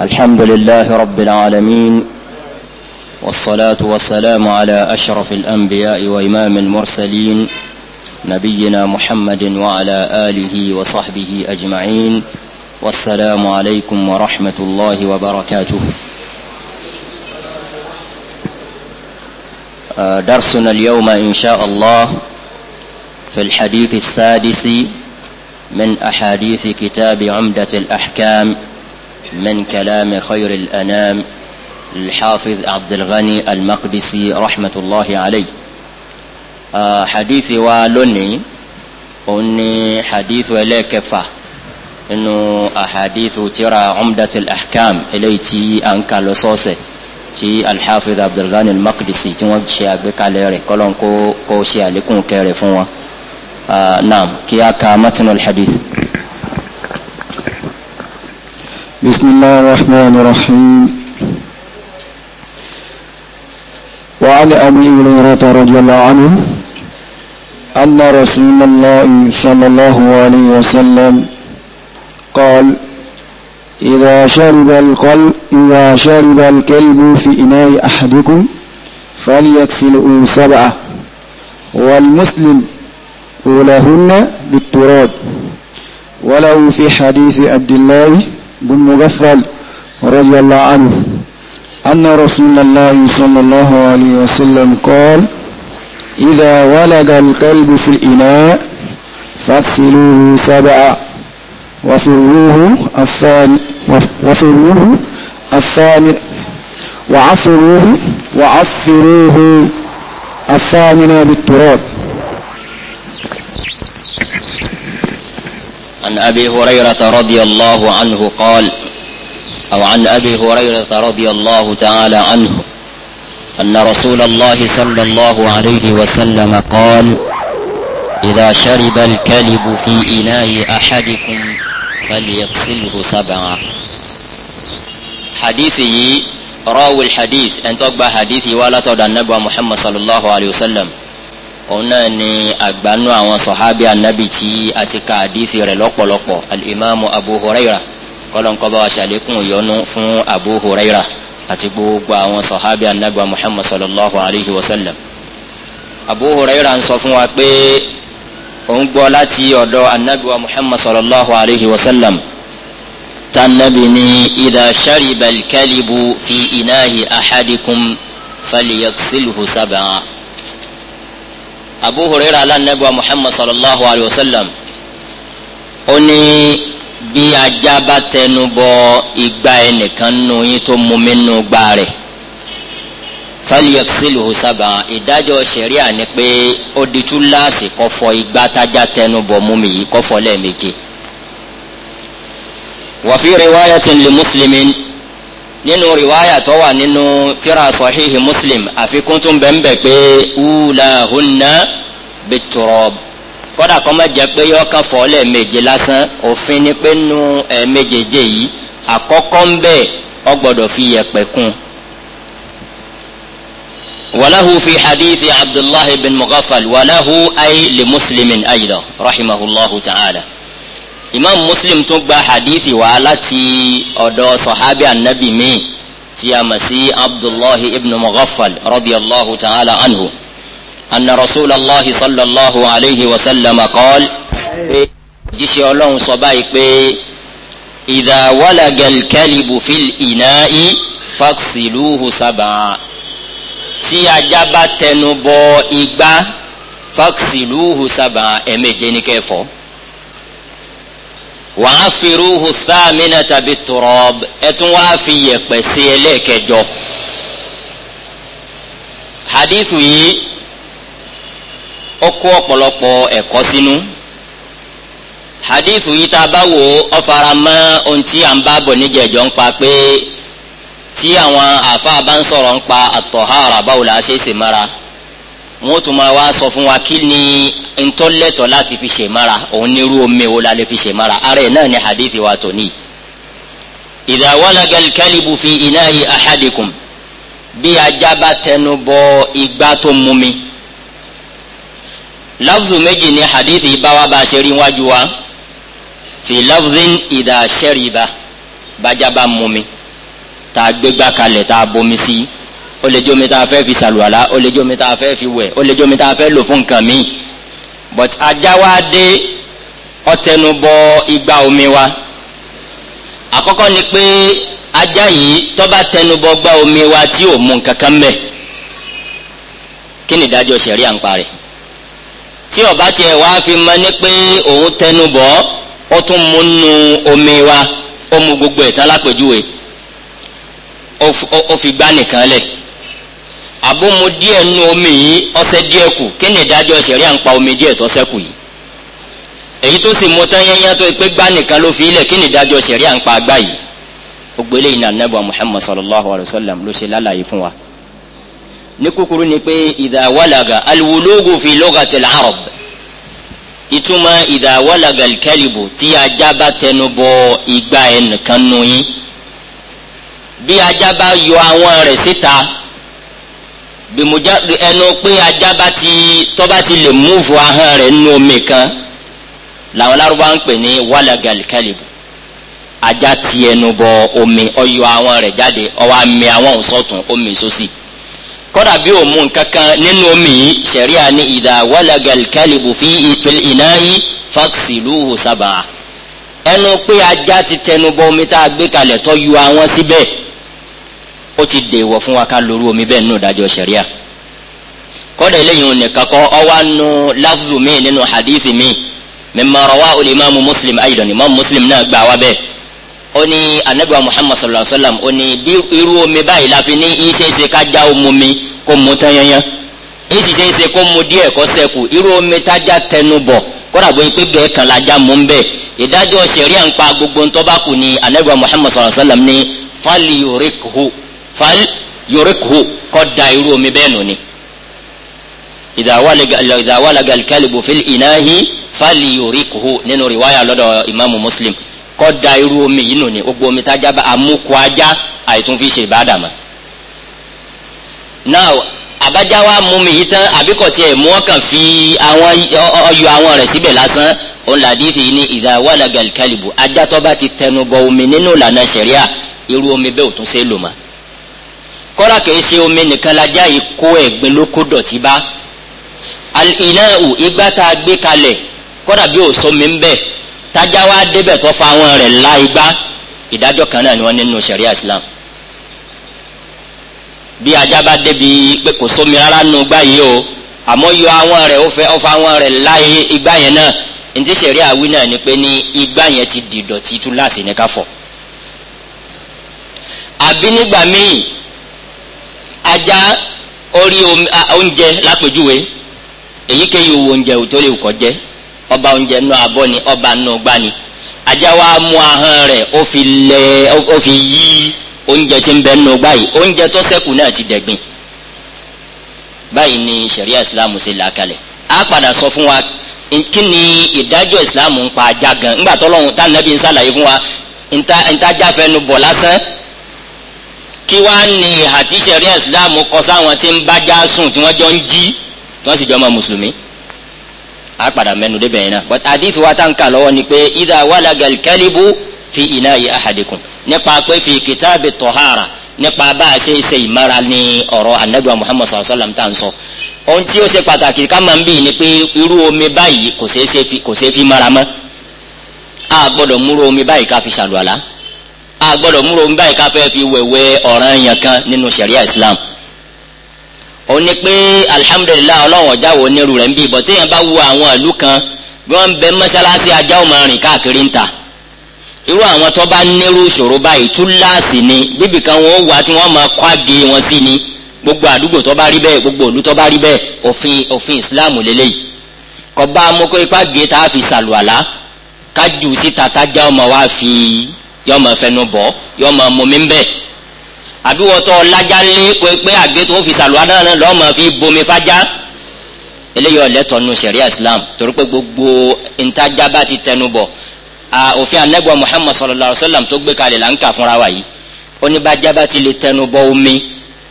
الحمد لله رب العالمين والصلاة والسلام على أشرف الأنبياء وإمام المرسلين نبينا محمد وعلى آله وصحبه أجمعين والسلام عليكم ورحمة الله وبركاته آه، درسنا اليوم إن شاء الله في الحديث السادس من أحاديث كتاب عمدة الأحكام من كلام خير الأنام الحافظ عبد الغني المقدسي رحمة الله عليه حديث والوني أني حديث لكفة إنه أحاديث ترى عمدة الأحكام إليتي أنك لصوصه تي الحافظ عبد الغني المقدسي tí wọn بكاليري، àgbékalẹ̀ rẹ̀ kọlọn kó kó ṣe àlékún kẹrẹ fún wọn naam kí بسم الله الرحمن الرحيم وعن أبي هريرة رضي الله عنه أن رسول الله صلى الله عليه وسلم قال إذا شرب القلب إذا شرب الكلب في إناء أحدكم فليكسله سبعة والمسلم أولهن بالتراب ولو في حديث عبد الله بن مغفل رضي الله عنه أن رسول الله صلى الله عليه وسلم قال إذا ولد القلب في الإناء فاغسلوه سبعا وفروه الثاني وفروه الثامن وعفروه وعفروه الثامنة بالتراب عن أبي هريرة رضي الله عنه قال أو عن أبي هريرة رضي الله تعالى عنه أن رسول الله صلى الله عليه وسلم قال إذا شرب الكلب في إناء أحدكم فليغسله سبعا حديثي راوي الحديث أن تقبى حديثي ولا تود النبوة محمد صلى الله عليه وسلم òun náà ni àgbánú àwọn sọ̀hábí anabi tí a ti ka àdífi rẹ̀ lọ́pọ̀lọpọ̀ alimami abu huraira kọ́lọ́nkọ́ba wa ṣàlékún ìyọnu fún abu huraira àti gbogbo àwọn sọ̀hábí anabi wa muhammad sallallahu alayhi wa sallam abu huraira ń sọ fún wa pé òun gbọ́ láti ọ̀dọ̀ anabi wa muhammad sallallahu alayhi wa sallam tanabi ni idà sharibal kalibu fi inahi ahadikum faliyaksilhu sabaa abu huraira alanabiwa muhammad sallallahu alayhi wa sallam ó ní bí ajá bá tẹnu bọ ìgbà ẹnìkan nù yín tó mú mi nù gbà rẹ̀ fálíyàkísílù sábà ìdájọ́ ṣẹ̀ríà ni pé ó di túláàsì kó fọ ìgbà tájá tẹnu bọ mú mi yìí kó fọ li muslimin nínú riwaya tó wà nínú tíra sọ̀híhì muslim àfikún tún bẹ́ẹ̀ bẹ́ẹ̀ pé wúlà húnna biturab kódà kọ́ máa jẹ́ pé yọ ká fọ́ lẹ́ẹ̀mejì lásán òfin ni pé nu ẹ̀ẹ̀mejèje yìí àkọ́kọ́ ń bẹ̀ ọ gbọ́dọ̀ fi yẹ̀pẹ̀ kún. walahu fi hadithi abdullahi bin mughaffal walahu ay li muslimin aydan rahimahullahu ta'ala imam muslim tún gba hadithi wá láti ọ̀dọ̀ sahabi anabi mi tí a mọ̀ sí abdullahi ibn mughaffal radiyallahu ta'ala anhu anna rasulallah sallallahu alayhi wa sallam qaal pé jíṣẹ́ ọlọ́run sọ báyìí pé idha walaga al-kalibu fil ina'i faksiluhu sab'a tí ajá bá tẹnu bọ igbá faksiluhu sab'a ẹ̀ẹ̀méje ní kẹfọ́ wàá firu hùsá mina tàbí turab ẹtún wàá fi yẹ̀pẹ̀ sí ẹlẹ́ẹ̀kẹjọ hadithu yìí ó kó ọ̀pọ̀lọpọ̀ ẹ̀kọ́ sínú hadithu yìí tá a bá wò ó fara mọ́ ohun tí à ń bá bọ̀ níjẹ̀jọ́ ń pa pé tí àwọn àfa bá ń sọ̀rọ̀ ń pa àtọ̀hárà báwo la ṣe é sèmára wọn tún máa wá sọ fún wa kí ni ntọ́lẹ́tọ̀ láti fi ṣe mara òun nírú omi wo la lè fi ṣe mara ara ẹ̀ náà ni hadithi wa tò níyì. idha walaga al-kalibu fi ina'i ahadikum bí ajá bá tẹnu bọ igbá tó mú mi. lafzu méjì ni hadithi báwa bá ṣe rí wájú wa fi lafzin idha shariba bájá bá mú mi tá a gbégbá kalẹ̀ tá a bomi sí i ó lè jómi tá a fẹ́ fi sàlùwàlá ó lè jómi tá a fẹ́ fi wẹ̀ ó lè jómi tá a fẹ́ lò fún nǹkan míì but ajá wa dé ọtẹnubọ igba omi wa àkọ́kọ́ ni pé ajá yìí tó bá tẹnubọ gba omi wa tí ò mu nǹkankan mbẹ kí ni ìdájọ́ sẹ̀rí à ń parẹ́ tí fi mọ ní pé òun tẹnubọ ó mu nu omi wa ó gbogbo ẹ̀ tán lápèjúwe ó fi gbá àbómo díẹ̀ nu omi yìí ọsẹ díẹ̀ kù kí ni ìdájọ́ ṣẹ̀ríà ń pa omi díẹ̀ tó sẹ́kù yìí èyí tó sì mú tán yẹnyẹn tó pé gbá nìkan ló fi ilẹ̀ kí ni ìdájọ́ ṣẹ̀ríà ń pa agbá yìí ó gbélé ìnà nàbà Muhammad sallallahu alayhi wa sallam ló ṣe lálàyé fún wa ní kúkúrú ni pé ìdáwálaga alwulógo fi lughatil arab ìtumọ̀ ìdáwálaga alkalibu tí ajá bá tẹnu bọ ìgbá ẹnìkan nù yín bí ajá bá yọ àwọn rẹ̀ síta bìmùjá ẹnu pé ajá bá ti tọ́ bá ti lè múùfù ahọ́n rẹ̀ nínú omi kan làwọn lárúbá ń pè ní wàlàgàlì kálíbù ajá ti ẹnu bọ omi ọyọ àwọn rẹ̀ jáde ọwọ́ àmì àwọn òsọ̀tún omi sósì kọ́dà bí òmu kankan nínú omi yìí sẹ̀ríà ní ìdá wàlàgàlì kálíbù fi ìfẹ́ iná yìí fáksìlúhù sábà ẹnu pé ajá ti tẹnu bọ omi tá a gbé kalẹ̀ tọ́ yọ àwọn síbẹ̀. Si ó ti dèwọ̀ fún wa ká lóru omi bẹ́ẹ̀ nù dájọ́ sẹ̀ríà kọ́dà eléyìí nìkan kọ́ ọ wá nu láfùzù mi nínú hadithi mi mimma rawahu al-imamu muslim aydan imam muslim náà gbà wá bẹ́ẹ̀ ó ní anagba muhammad sallallahu alayhi wa sallam ó ní bí irú omi báyìí la fi ní ìṣeéṣe ká já omi mi kó mu tán yanyan ìṣiṣeéṣe kó mu díẹ̀ kó ṣẹ́kù irú omi tájà tẹnu bọ̀ kọ́dà bóyá pé gẹ̀ẹ́ kan la já mu ń bẹ́ẹ̀ ìdájọ́ sẹ̀ríà ń pa gbogbo ntọ́bákù ni anagba muhammad sallallahu alayhi wa sallam ní fali fal yorikhu kọ́ da irú omi bẹ́ẹ̀ nù ni ìdáwàlaga alikalibu fil inahi fal yorikhu nínú riwaya lọ́dọ̀ imaamu muslim kọ́ da irú omi yìí nù ni gbogbo omi tájà bá amúkú ajá àìtún fi ṣe ìbádàmà now abájá wa mú mi yìí tán àbíkọ̀ tiẹ̀ mú ọkàn fi àwọn ọyọ àwọn rẹ̀ síbẹ̀ lásán òun làdíìtì ní ìdáwàlaga alikalibu ajá ti tẹnu omi nínú ìlànà sẹ̀ríà irú omi bẹ́ẹ̀ ò tún ṣe lò mọ́ kọ́ra kìí ṣe omi nìkan lajá yìí kó ẹ̀gbin ló kó dọ̀tí bá al-ina'u igbá tá a gbé kalẹ̀ kọ́ra bí ò sómi ń bẹ̀ tájá wa débẹ̀ tó fa àwọn rẹ̀ la igbá ìdájọ́ kan náà ni wọ́n nínú sharia islam bí ajá bá débi pé kò sómi rárá nù gbá yìí o àmọ́ yọ àwọn rẹ̀ ó fẹ́ ó fa àwọn rẹ̀ la igbá yẹn náà ntí sharia wí náà ni pé ní igbá yẹn ti dìdọ̀tí túláàsì ní káfọ̀ àbí nígbà míì ajá orí oúnjẹ lápèjúwe èyíkéyìí owó oúnjẹ òtó lè kọ́ jẹ́ ọba oúnjẹ náà abọ́ ni ọba náà gbá ni ajá wa mú ahọ́n rẹ̀ ó fi lẹ ó fi yí oúnjẹ tí ń bẹ nù báyìí oúnjẹ tó ṣẹ́kù náà ti dẹ̀gbìn báyìí ni ṣẹ̀ríà ìsìláàmù ṣe là kalẹ̀ á padà sọ fún wa kí ni ìdájọ́ ìsìláàmù ń pa ajá gan ńgbà tọ́lọ́hún tá nàbí ń ṣàlàyé fún wa ntá ntá jáfẹ́ nu bọ̀ lásán kí wàá ní ìhà tí sẹ̀rí ẹ̀sìlámù kọ sáwọn tí ń bájá sùn tí wọ́n jọ ń jí tí wọ́n sì jọ mọ mùsùlùmí a padà mẹ́nu débẹ̀ yẹn náà but àdìsí wa tá n kà lọ́wọ́ ni pé ìdá wàlágà kẹ́líbù fi iná yìí ahadikum nípa pé fi kìtàbì tọ̀hárà nípa bá a ṣe ṣe ìmára ní ọ̀rọ̀ anabi muhammad sallallahu alayhi wa sallam tá n sọ ohun tí ó ṣe pàtàkì ká máa ń bì ní pé irú omi báyìí kò ṣeé fi mára mọ́ a gbọ́dọ̀ múrú omi báyìí ká fi ṣàlùwàlá a gbọ́dọ̀ múro ń báyìí ká fẹ́ fi wẹ̀wẹ̀ ọ̀ràn yẹn kan nínú sharia islam ó ní pé alihamudulilayi ọlọ́run ọjà wo nírú rẹ̀ ń bí bọ́ téèyàn bá wo àwọn ìlú kan bí wọ́n ń bẹ mọ́ṣáláṣí ajá ò rìn káàkiri ń ta irú àwọn tó bá nírú ìṣòro báyìí túláàsì ni bíbì kan wọn ó wá tí wọ́n máa kọ́ àgé wọn sí ni gbogbo àdúgbò tó bá rí bẹ́ẹ̀ gbogbo ìlú tó bá rí bẹ́ẹ̀ òfin òfin islam lélẹ́yìí kọ́ bá amókó ipá gé tá a fi sàlùwàlá kájú síta tájá ọmọ wa fi yọ máa fẹnu bọ̀ yọ máa mumi bẹ́ẹ̀ àbí wọ́tọ́ lajá lé kó pé àgbẹ̀ tó fi sàlùwà náà lọ́ máa fi bomi fájá eléyìí ọ̀lẹ́tọ̀ nu sẹ̀ríà islam torí pé gbogbo ntajà bá ti tẹnu bọ̀ òfin anagba muhammad sallallahu alayhi wa sallam tó gbé kalẹ̀ là ń kà fúnra wa yìí ó ní bájá bá ti lè tẹnu bọ̀ omi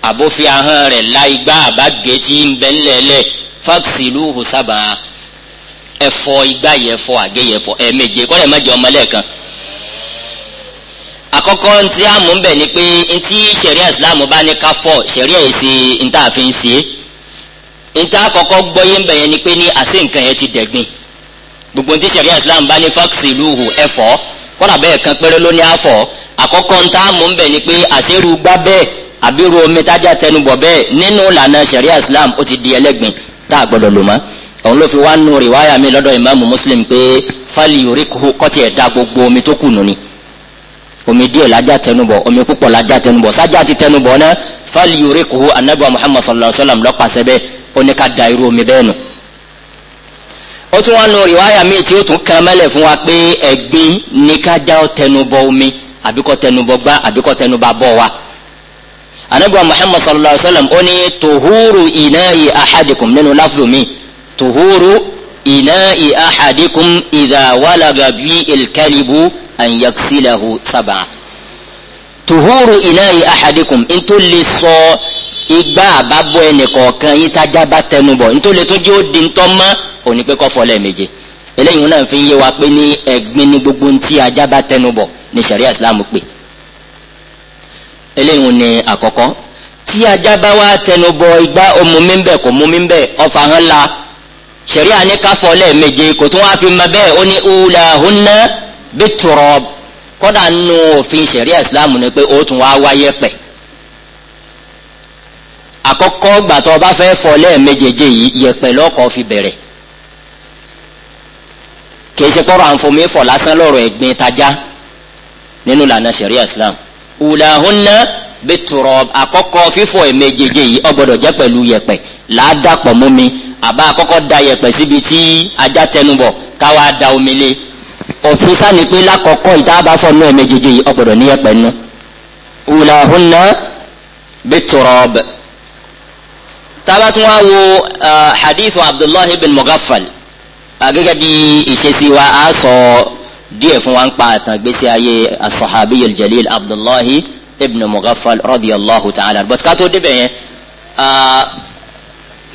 àbófin ahọ́n rẹ̀ láì gbá àbá gétí fáksì lúhù sábà ẹ̀fọ́ igbá yẹ̀fọ́ àgé yẹ̀fọ́ kọ́lẹ̀ má jẹ́ ọmọ àkọ́kọ́ ntí a mú bẹ̀ ni pé ntí sẹ̀ríà islam bá ní ká fọ̀ sẹ̀ríà yìí ṣe ntá àfi ń ṣe ntá àkọ́kọ́ gbọ́ yé bẹ̀ yẹn ni pé ní àṣẹ nǹkan yẹn ti dẹ̀gbìn gbogbo ntí sẹ̀ríà islam bá ní fáksì lùhù ẹ̀fọ́ kọ́nà bẹ́ẹ̀ kan péré ló ní àfọ̀ àkọ́kọ́ ntá a mú bẹ̀ ni pé àṣẹrù gbá bẹ́ẹ̀ àbírú omi tájà tẹnubọ̀ bẹ́ẹ̀ nínú ìlànà sẹ̀ríà islam ó ti di ẹlẹ́gbìn tá a gbọ́dọ̀ lò mọ́ òun ló fi wá nù rìwáyà mi lọ́dọ̀ ìmáàmù muslim pé fálì yorì kọ́tì ẹ̀dá gbogbo omi tó kù nù ni omi díẹ̀ lájà tẹnubọ̀ omi púpọ̀ lájà tẹnubọ̀ sájà ti tẹnubọ̀ náà fali yorì kuhu anabiwa muhammad sallallahu alayhi wa sallam lọ́pàṣẹ bẹ́ẹ̀ ó ní ká da irú omi bẹ́ẹ̀ nù. ó tún wọn nu riwaya míì tí ó tún kan mẹ́lẹ̀ fún wa pé ẹ̀gbin ní kájà tẹnubọ̀ omi àbíkọ́ tẹnubọ̀ gbá àbíkọ́ tẹnubọ̀ bọ̀ wa. anabiwa muhammad sallallahu alayhi wa sallam ó ní tuhuru inayi ahadikum nínú láfùmí tuhuru ina'i ahadikum idha walaga bi ilkalibu an yaksilahu sab'a tuhuru ina'i ahadikum in tó lè sọ igbá àbábọ̀ ẹnìkọ̀ọ̀kan yín tájá bá tẹnubọ̀ n tó lè tó jẹ́ ó di ntọ́ mọ́ òní pé kọ́ fọlẹ́ méje eléyìí náà fi ń yé wa pé ní ẹ̀gbin ní gbogbo ntí ajá bá ní sariya islam pè eléyìí ni àkọ́kọ́ tí ajá bá wá tẹnubọ̀ igbá ọmọ kò mú mi ọfà hàn la sẹ̀ríà ní káfọ́ lẹ́ẹ̀méje kò tún wá fi mọ bẹ́ẹ̀ ó ní ula hunna biturab kọ́dà nínú òfin sẹ̀ríà ìsìláàmù ni pé ó tún wá wáyé pẹ̀ àkọ́kọ́ gbàtọ́ bá fẹ́ fọ lẹ́ẹ̀méjèèje yìí yẹ̀pẹ̀ lọ́kọ̀ fi bẹ̀rẹ̀ kìí ṣe kọ́rọ̀ àǹfọ̀mí fọ̀ lásán lọ́rọ̀ ẹ̀gbin tajá nínú lànà sẹ̀ríà islam ulahunna biturab àkọ́kọ́ fífọ̀ ẹ̀mẹ́jẹjẹ yìí ó àbá àkọ́kọ́ da yẹ̀pẹ̀ síbi tí ajá tẹnubọ̀ káwa da omi lé òfin sáni pé lákọ̀ọ́kọ́ ìtaàbá fọ́nù ẹ̀ méjèèjì yìí ọ̀gbọ̀dọ̀ ní yẹ̀pẹ̀ nù. wùlàhùnà biturab tabatun wa wo hadith wa abdullahi bin mughaffal gẹ́gẹ́ bí ìṣesí wa a sọ díẹ̀ fún wa ń pa àtàn gbèsè ayé asahabi yul abdullahi ibn mughaffal radiyallahu ta'ala but ká tó débẹ̀ yẹn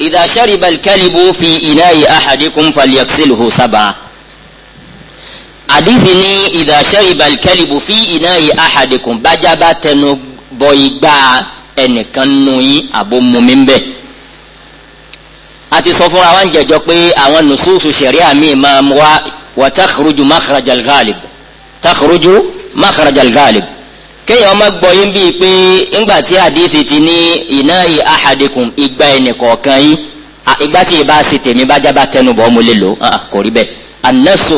idha shariba al-kalibu fi ina'i ahadikum falyaghsilhu sab'a àdìsí ní idha shariba al-kalibu fi ina'i ahadikum bájá bá tẹnu bọ igbá ẹnìkan nù yín àbó mumi ń bẹ̀. a ti sọ fúnra wa jẹjọ pé àwọn nususu sharia mi máa wá wa takhruju makhrajal ghalib takhruju makhrajal ghalib kéèyàn má gbọ́ yín bíi pé ńgbà tí àdìsí ti ní iná ahadikum igba ẹnì kọ̀ọ̀kan yín ìgbà tí ìbá ṣe tèmi bá jábá tẹnu bọ́ mo lè lò kò rí bẹ́ẹ̀ annasu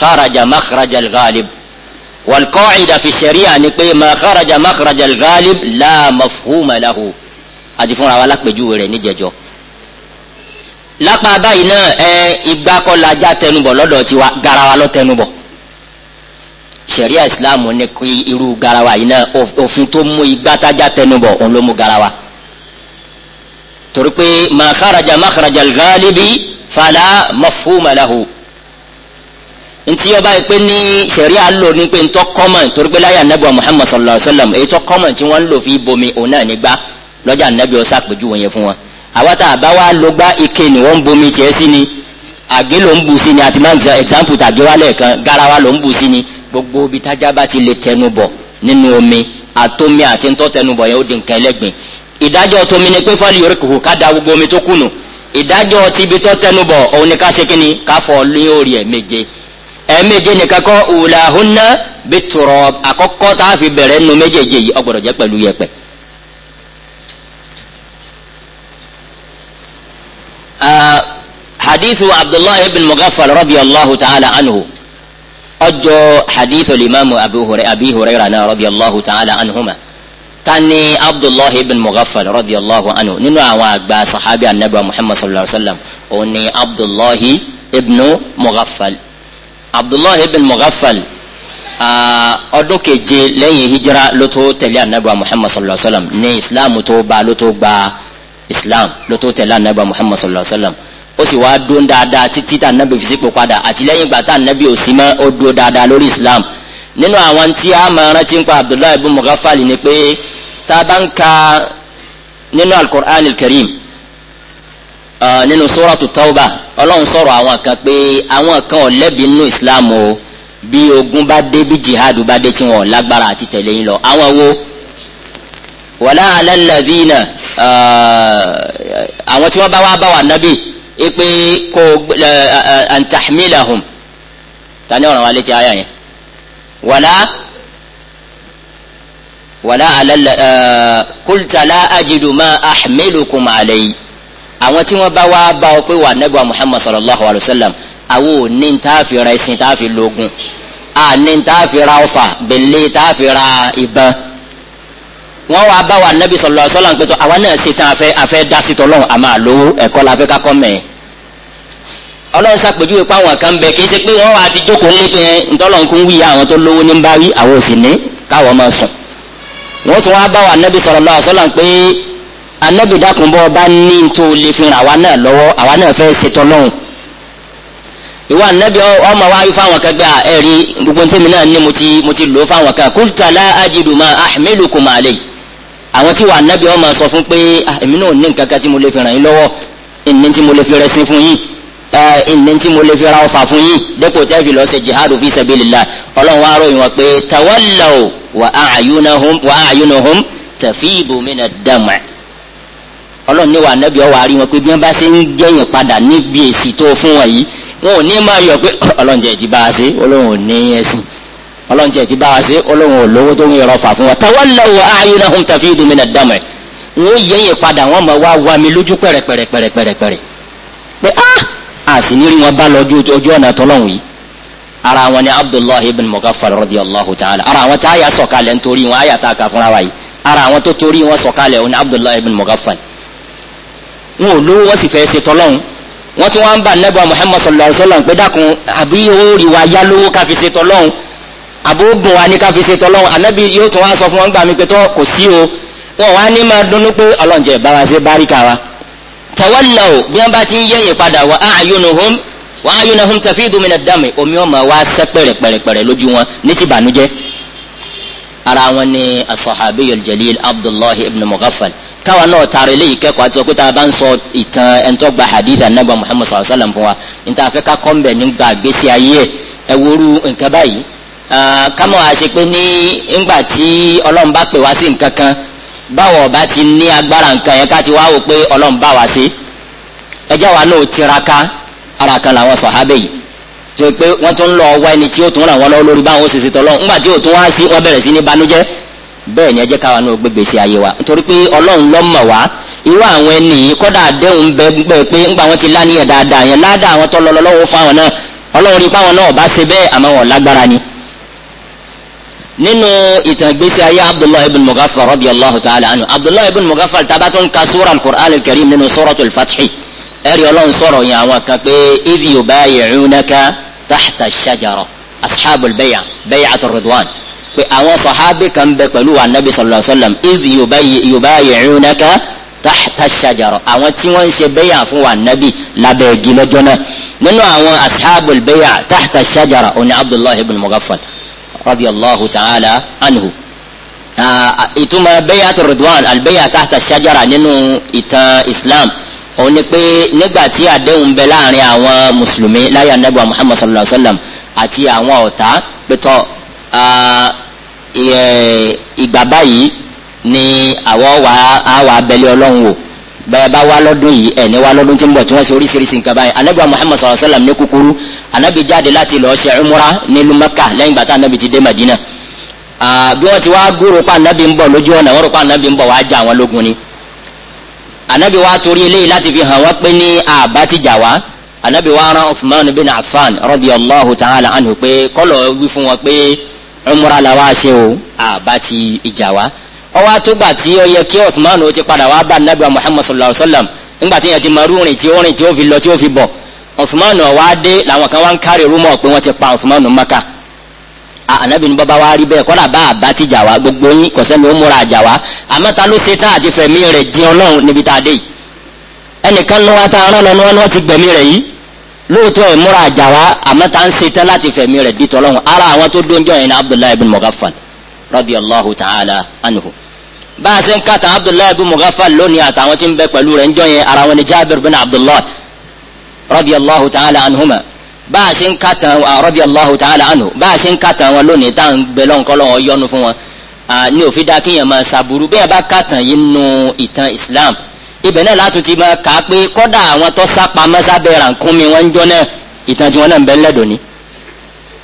kharaja makharaja al-ghalib wal-qa'ida ni pé ma kharaja makharaja al-ghalib la àti fúnra wa lápèjúwe rẹ̀ níjẹ̀jọ́ lápá báyìí náà ẹ ìgbà kọ́ la já tẹnubọ̀ lọ́dọ̀ tiwa garawa lọ́ tẹnubọ̀ sẹ̀ríà islam ní irú garawa yìí náà òfin tó mú igbá tájà tẹnubọ̀ òun ló mú garawa torí pé ma kharaja makharaja fala mafhuma lahu nti yọba yi pé ní sẹ̀ríà lò ní pé ntọ́ kọ́mọ̀ torí pé láyà anabi muhammad sallallahu alayhi wa sallam èyí tọ́ kọ́mọ̀ tí wọ́n lò fi bomi òun náà nígbà lọ́jà anabi ọ̀sá àpèjúwe yẹn fún wọn àwa tá a bá wa lọ gbá ike ni wọ́n ń bomi tiẹ̀ sí ni àgé ló ń bu sí ni àti máa ń sọ example tàgé wa lẹ́ẹ̀kan garawa ló ń bu sí ni gbogbo ibi tájá bá ti lè tẹnubọ̀ nínú omi àtomi àti ntọ́ tẹnubọ̀ yẹn ó di nǹkan ẹlẹ́gbìn ìdájọ́ tómi ni pé fọ́ọ̀lì yorùkù kò ká da gbogbo omi tó kùnù ìdájọ́ ti ibi tọ́ tẹnubọ̀ òun ni ká ṣe kí ni ká fọ́ lóyún orí ẹ̀ méje ẹ̀ méje nìkan kọ́ òòlà húnná bí tùrọ̀ àkọ́kọ́ tá a fi bẹ̀rẹ̀ nu méjèèjì yìí ọgbọ́dọ̀ jẹ́ pẹ̀lú yẹ̀pẹ̀. Ah, hadithu abdullahi ibn mughaffal radiyallahu ta'ala anhu ọjọ́ hadith limamu abi huraira náà radiyallahu ta'ala anhuma tani abdullahi ibn mughaffal radiyallahu anhu nínú àwọn àgbà sahabi anabi muhammad sallallahu alaihi wa sallam òun ni abdullahi ibn mughaffal abdullahi ibn mughaffal ọdún keje lẹ́yìn hijira ló tó tẹ̀lé anabi muhammad sallallahu alaihi wa sallam ní islam tó bá ló tó gba islam ló tó tẹ̀lé anabi muhammad sallallahu alaihi wa sallam ó sì wá dúró dáadáa títí tá nàbì fi sípò padà àtìlẹ́yìn ìgbà tá nàbì ò sí mọ́ ó dúró dáadáa lórí Islam nínú àwọn tí a máa rántí ń pa Abdullahi ibn Mughaffal ni pé tá a bá ń ka nínú al-Qur'an al-Karim nínú suratu tawba ọlọ́run sọ̀rọ̀ àwọn kan pé àwọn kan ò lẹ́bi nínú Islam o bí ogun bá dé bí jihad bá dé tí wọn lágbára àti tẹ̀lé yín lọ àwọn wo wala ala alladhina àwọn tí wọ́n bá wá bá wà nábì ipe kò antahmilahum tani ọ̀ràn wa létí aya yẹn wàlá wàlá alala kultala ajiduma ahmilukum alayhi àwọn tí wọ́n bá wá bá ọ pé wà nẹ́gbà muhammad sallallahu alayhi wa sallam àwọn ò ní ta fi ra ẹṣin ta fi ọfà bèlè ta ìbọn wọn wá bá wa nabi sọlọ sọlọ pẹtọ àwa náà ṣe tán afẹ afẹ dasi tọlọ àmà lówó ẹkọ la fẹ ká kọ mẹ Ọlọ́run sàpèjúwe pa àwọn kan bẹ kì í ṣe pé wọn wá ti jókòó ní pé ntọ́lọ̀ nkún wíyà àwọn tó lówó ní bá wí àwọn ò sì ní káwọn máa sùn wọn tún wá bá wa nabi sọlọ sọlọ pé anabi dàkúnbọ bá ní tó lè fi ràn àwa náà lọ́wọ́ àwa náà fẹ́ ṣe tọlọ́hún ìwọ anabi ọmọ wa yìí fáwọn kan gbé a ẹ rí gbogbo ntẹ́mi náà ní mo ti lò fáwọn kan kúntàlá ajidu ma àwọn tí wà nábì ọmọ sọ fún pé ah, èmi náà ní nǹkan kan tí mo lè fi ràn yín lọ́wọ́ ìní tí mo lè fi rẹsìn fún yín eh, ìní tí mo lè fi ra ọfà fún yín dépò tẹ́ fi lọ ṣe jihadu fi sabilillah ọlọ́run wa ròyìn wọn pé tawallaw wa a'yunuhum wa a'yunuhum tafidu minad dam' ọlọ́run ní wà nábì ọwọ́ àrí wọn pé bí wọ́n bá ṣe ń jẹ́yìn padà níbi èsì tó fún wọn yìí wọn ò ní máa yọ pé ọlọ́run jẹ́ ìjì bá a ṣe ọlọ́run ò ní ẹ̀sìn ọlọ́run tiẹ̀ ti bá wa sí ọlọ́run olówó tó ń yọrọ fà fún wa tawallaw a'yunuhum tafidu min ad-dam' wọn yẹ̀yẹ̀ padà wọn mọ̀ wá wá mi lójú pẹ̀rẹ̀pẹ̀rẹ̀pẹ̀rẹ̀pẹ̀rẹ̀ pé ah àsì ní rí wọn bá lọ ojú ọ̀nà tọ́lọ́run yìí ara wọn ni abdullahi ibn mughaffal radiyallahu ta'ala ara wọn tá a yà sọ̀kalẹ̀ nítorí wọn a yà tá a kà fúnra wa yìí ara wọn tó torí wọn sọ̀kalẹ̀ wọn ni abdullahi ibn mughaffal wọn ò lówó wọn sì fẹ́ ṣe tọ́lọ́run wọn tún wọn bá nẹ́bà muhammad sallallahu alayhi wa sallam pé dákun àbí ó rí wa yá lówó káfíṣe tọ́lọ́run àbógun wa ní ká fi ṣe tọ́lọ́run ànábì yóò tún wá sọ fún wọn gbà mí pé tọ́ kò sí o wọn wá ní máa dunnú pé ọlọ́njẹ bára ṣe báríkà wa tawalla o bí wọn bá ti ń yẹ̀yìn padà wà a'yunuhum wà a'yunuhum tafidu min ad-dami omi ọmọ wa sẹ́ pẹ̀rẹ̀pẹ̀rẹ̀pẹ̀rẹ̀ lójú wọn ní ti bànújẹ́ ara wọn ni as-sahabiyul jalil abdullahi ibn mughaffal káwa náà taara eléyìí kẹ́kọ̀ọ́ àti sọ́kúta bá ń sọ ìtàn ẹ̀ńtọ́gba hadith anabi muhammad sallallahu alayhi wa sallam fún wa níta afẹ́ ká kọ́ ń bẹ̀ nígbà gbèsè ayé ẹ̀ wọ́rú nǹkan báyìí kámọ́ àṣẹ pé ní ńgbà tí ọlọ́run bá pè wá sí nǹkan kan ọba ti ní agbára nǹkan yẹn ká ti wá wò pé ọlọ́run bá wá sí ẹjẹ́ tiraka ara kan làwọn sọ̀hábẹ́ yìí tí o pé wọ́n tún lọ wá ẹni tí ó tún ràn wọ́n lọ́wọ́ lórí báwọn ó sì ṣètò ọlọ́run ńgbà tí ó tún wá sí wọ́n bẹ̀rẹ̀ sí ní banújẹ́ bẹ́ẹ̀ ni ẹjẹ́ káwa náà gbé wa nítorí pé ọlọ́run mọ̀ wá irú àwọn ẹni kọ́dà àdéhùn bẹ gbẹ pé ńgbà wọn ti lá níyẹn dáadáa yẹn ládàá àwọn tọ́lọ́lọ́wọ́ nínú ìtàgbésí ayé abdullahi ibn mughaffal radiyallahu ta'ala anhu abdullahi ibn mughaffal tabatun ka sura al-qur'an al-karim nínú suratul fathi ẹ̀rí ọlọ́run sọ̀rọ̀ yẹn àwọn kan pé idh yubayi'unaka tahta ash-shajara ashabul bay'a bay'atur ridwan pé àwọn sọ̀hábì kan bẹ pẹ̀lú wa nabi sallallahu alayhi wa sallam idh yubayi'unaka tahta ash-shajara àwọn tí wọ́n ń ṣe bay'a fún wa nabi lábẹ́ igi lọ́jọ́ nínú àwọn ashabul bay'a tahta shajara òní abdullahi ibn mughaffal رضي الله تعالى عنه. bay'atu ridwan الرضوان، tahta تحت nínú ìtàn islam òun ni pé nígbà tí àdéhùn bẹ láàrin àwọn mùsùlùmí láyà nàbà muhammad sallallahu alayhi wa sallam àti àwọn ọ̀tá pẹ̀tọ́ ah, ìgbà báyìí ni àwọn wà abẹ́lé ọlọ́run wò bẹ́ẹ̀ bá wá lọ́dún yìí ẹ̀ ní wá lọ́dún tí ń bọ̀ tí wọ́n ṣe oríṣiríṣi nǹkan báyìí anabi muhammad sallallahu alayhi wa sallam ní kúkúrú anabi jáde láti lọ ṣe umra nílùú maka lẹ́yìn gbàtà anabi ti dé madina bí wọ́n ti wá gbúrò pa anabi ń bọ̀ lójú ọ̀nà wọ́n rò pa anabi ń bọ̀ wá já àwọn lógun ni anabi wa torí eléyìí láti fi hàn wọ́n pé ní àbá ti jà wá anabi wa ran usman bin affan radiyallahu ta'ala anhu pé kọ́lọ̀ wí fún wọn pé umra la wá ṣe o àbá ti ìjà wá ọwọ́ àtúgbà tí ó yẹ kí Usman ó ti padà wá bá nabi Muhammad sallallahu alayhi wa sallam nígbà tí yẹn ti marú rìn tí ó rìn tí ó fi lọ tí ó fi bọ̀ Usman ó wá dé làwọn kan wá ń kárì rúmọ̀ pé wọ́n ti pa Usman maka anabi ni bàbá wa rí bẹ́ẹ̀ kọ́lá bá àbá ti jà wá gbogbo yín kò sẹ́ni ó múra àjà wá àmọ́ ta ló ṣe tá àti fẹ̀mí rẹ̀ jẹ ọlọ́run níbi tá a dé yìí ẹnìkan ló wá tá a rán lọ́nu wọn lóòótọ́ ẹ̀ múra àjà ń ṣe tán láti fẹ̀mí rẹ̀ dìtọ̀ ọlọ́run ara àwọn tó dóńjọ́ yẹn ni Abdullahi ibn Mughaffal radiyallahu ta'ala anhu bá a ṣe ń kàtà abdullahi bin mughaffal lónìí àtàwọn tí ń bẹ pẹ̀lú rẹ̀ ń jọ yẹn ara wọn ni jabir bin abdullahi radiyallahu ta'ala anhuma bá a ṣe ń kàtà radiyallahu ta'ala anhu bá a ṣe ń kàtà wọn lónìí tá à ń gbẹ lọ́nkọ́lọ́wọ́ yọnu fún wọn ní òfin dákìyàn máa ṣàbùrú bẹ́ẹ̀ bá kàtà yìí nù ìtàn islam ibẹ̀ náà látún ti máa kà á pé kọ́dà àwọn tó sápamọ́ sábẹ́ rànkúnmi wọn ń jọ náà ìtàn tí wọn náà ń bẹ lẹ́dọ̀ọ́ ni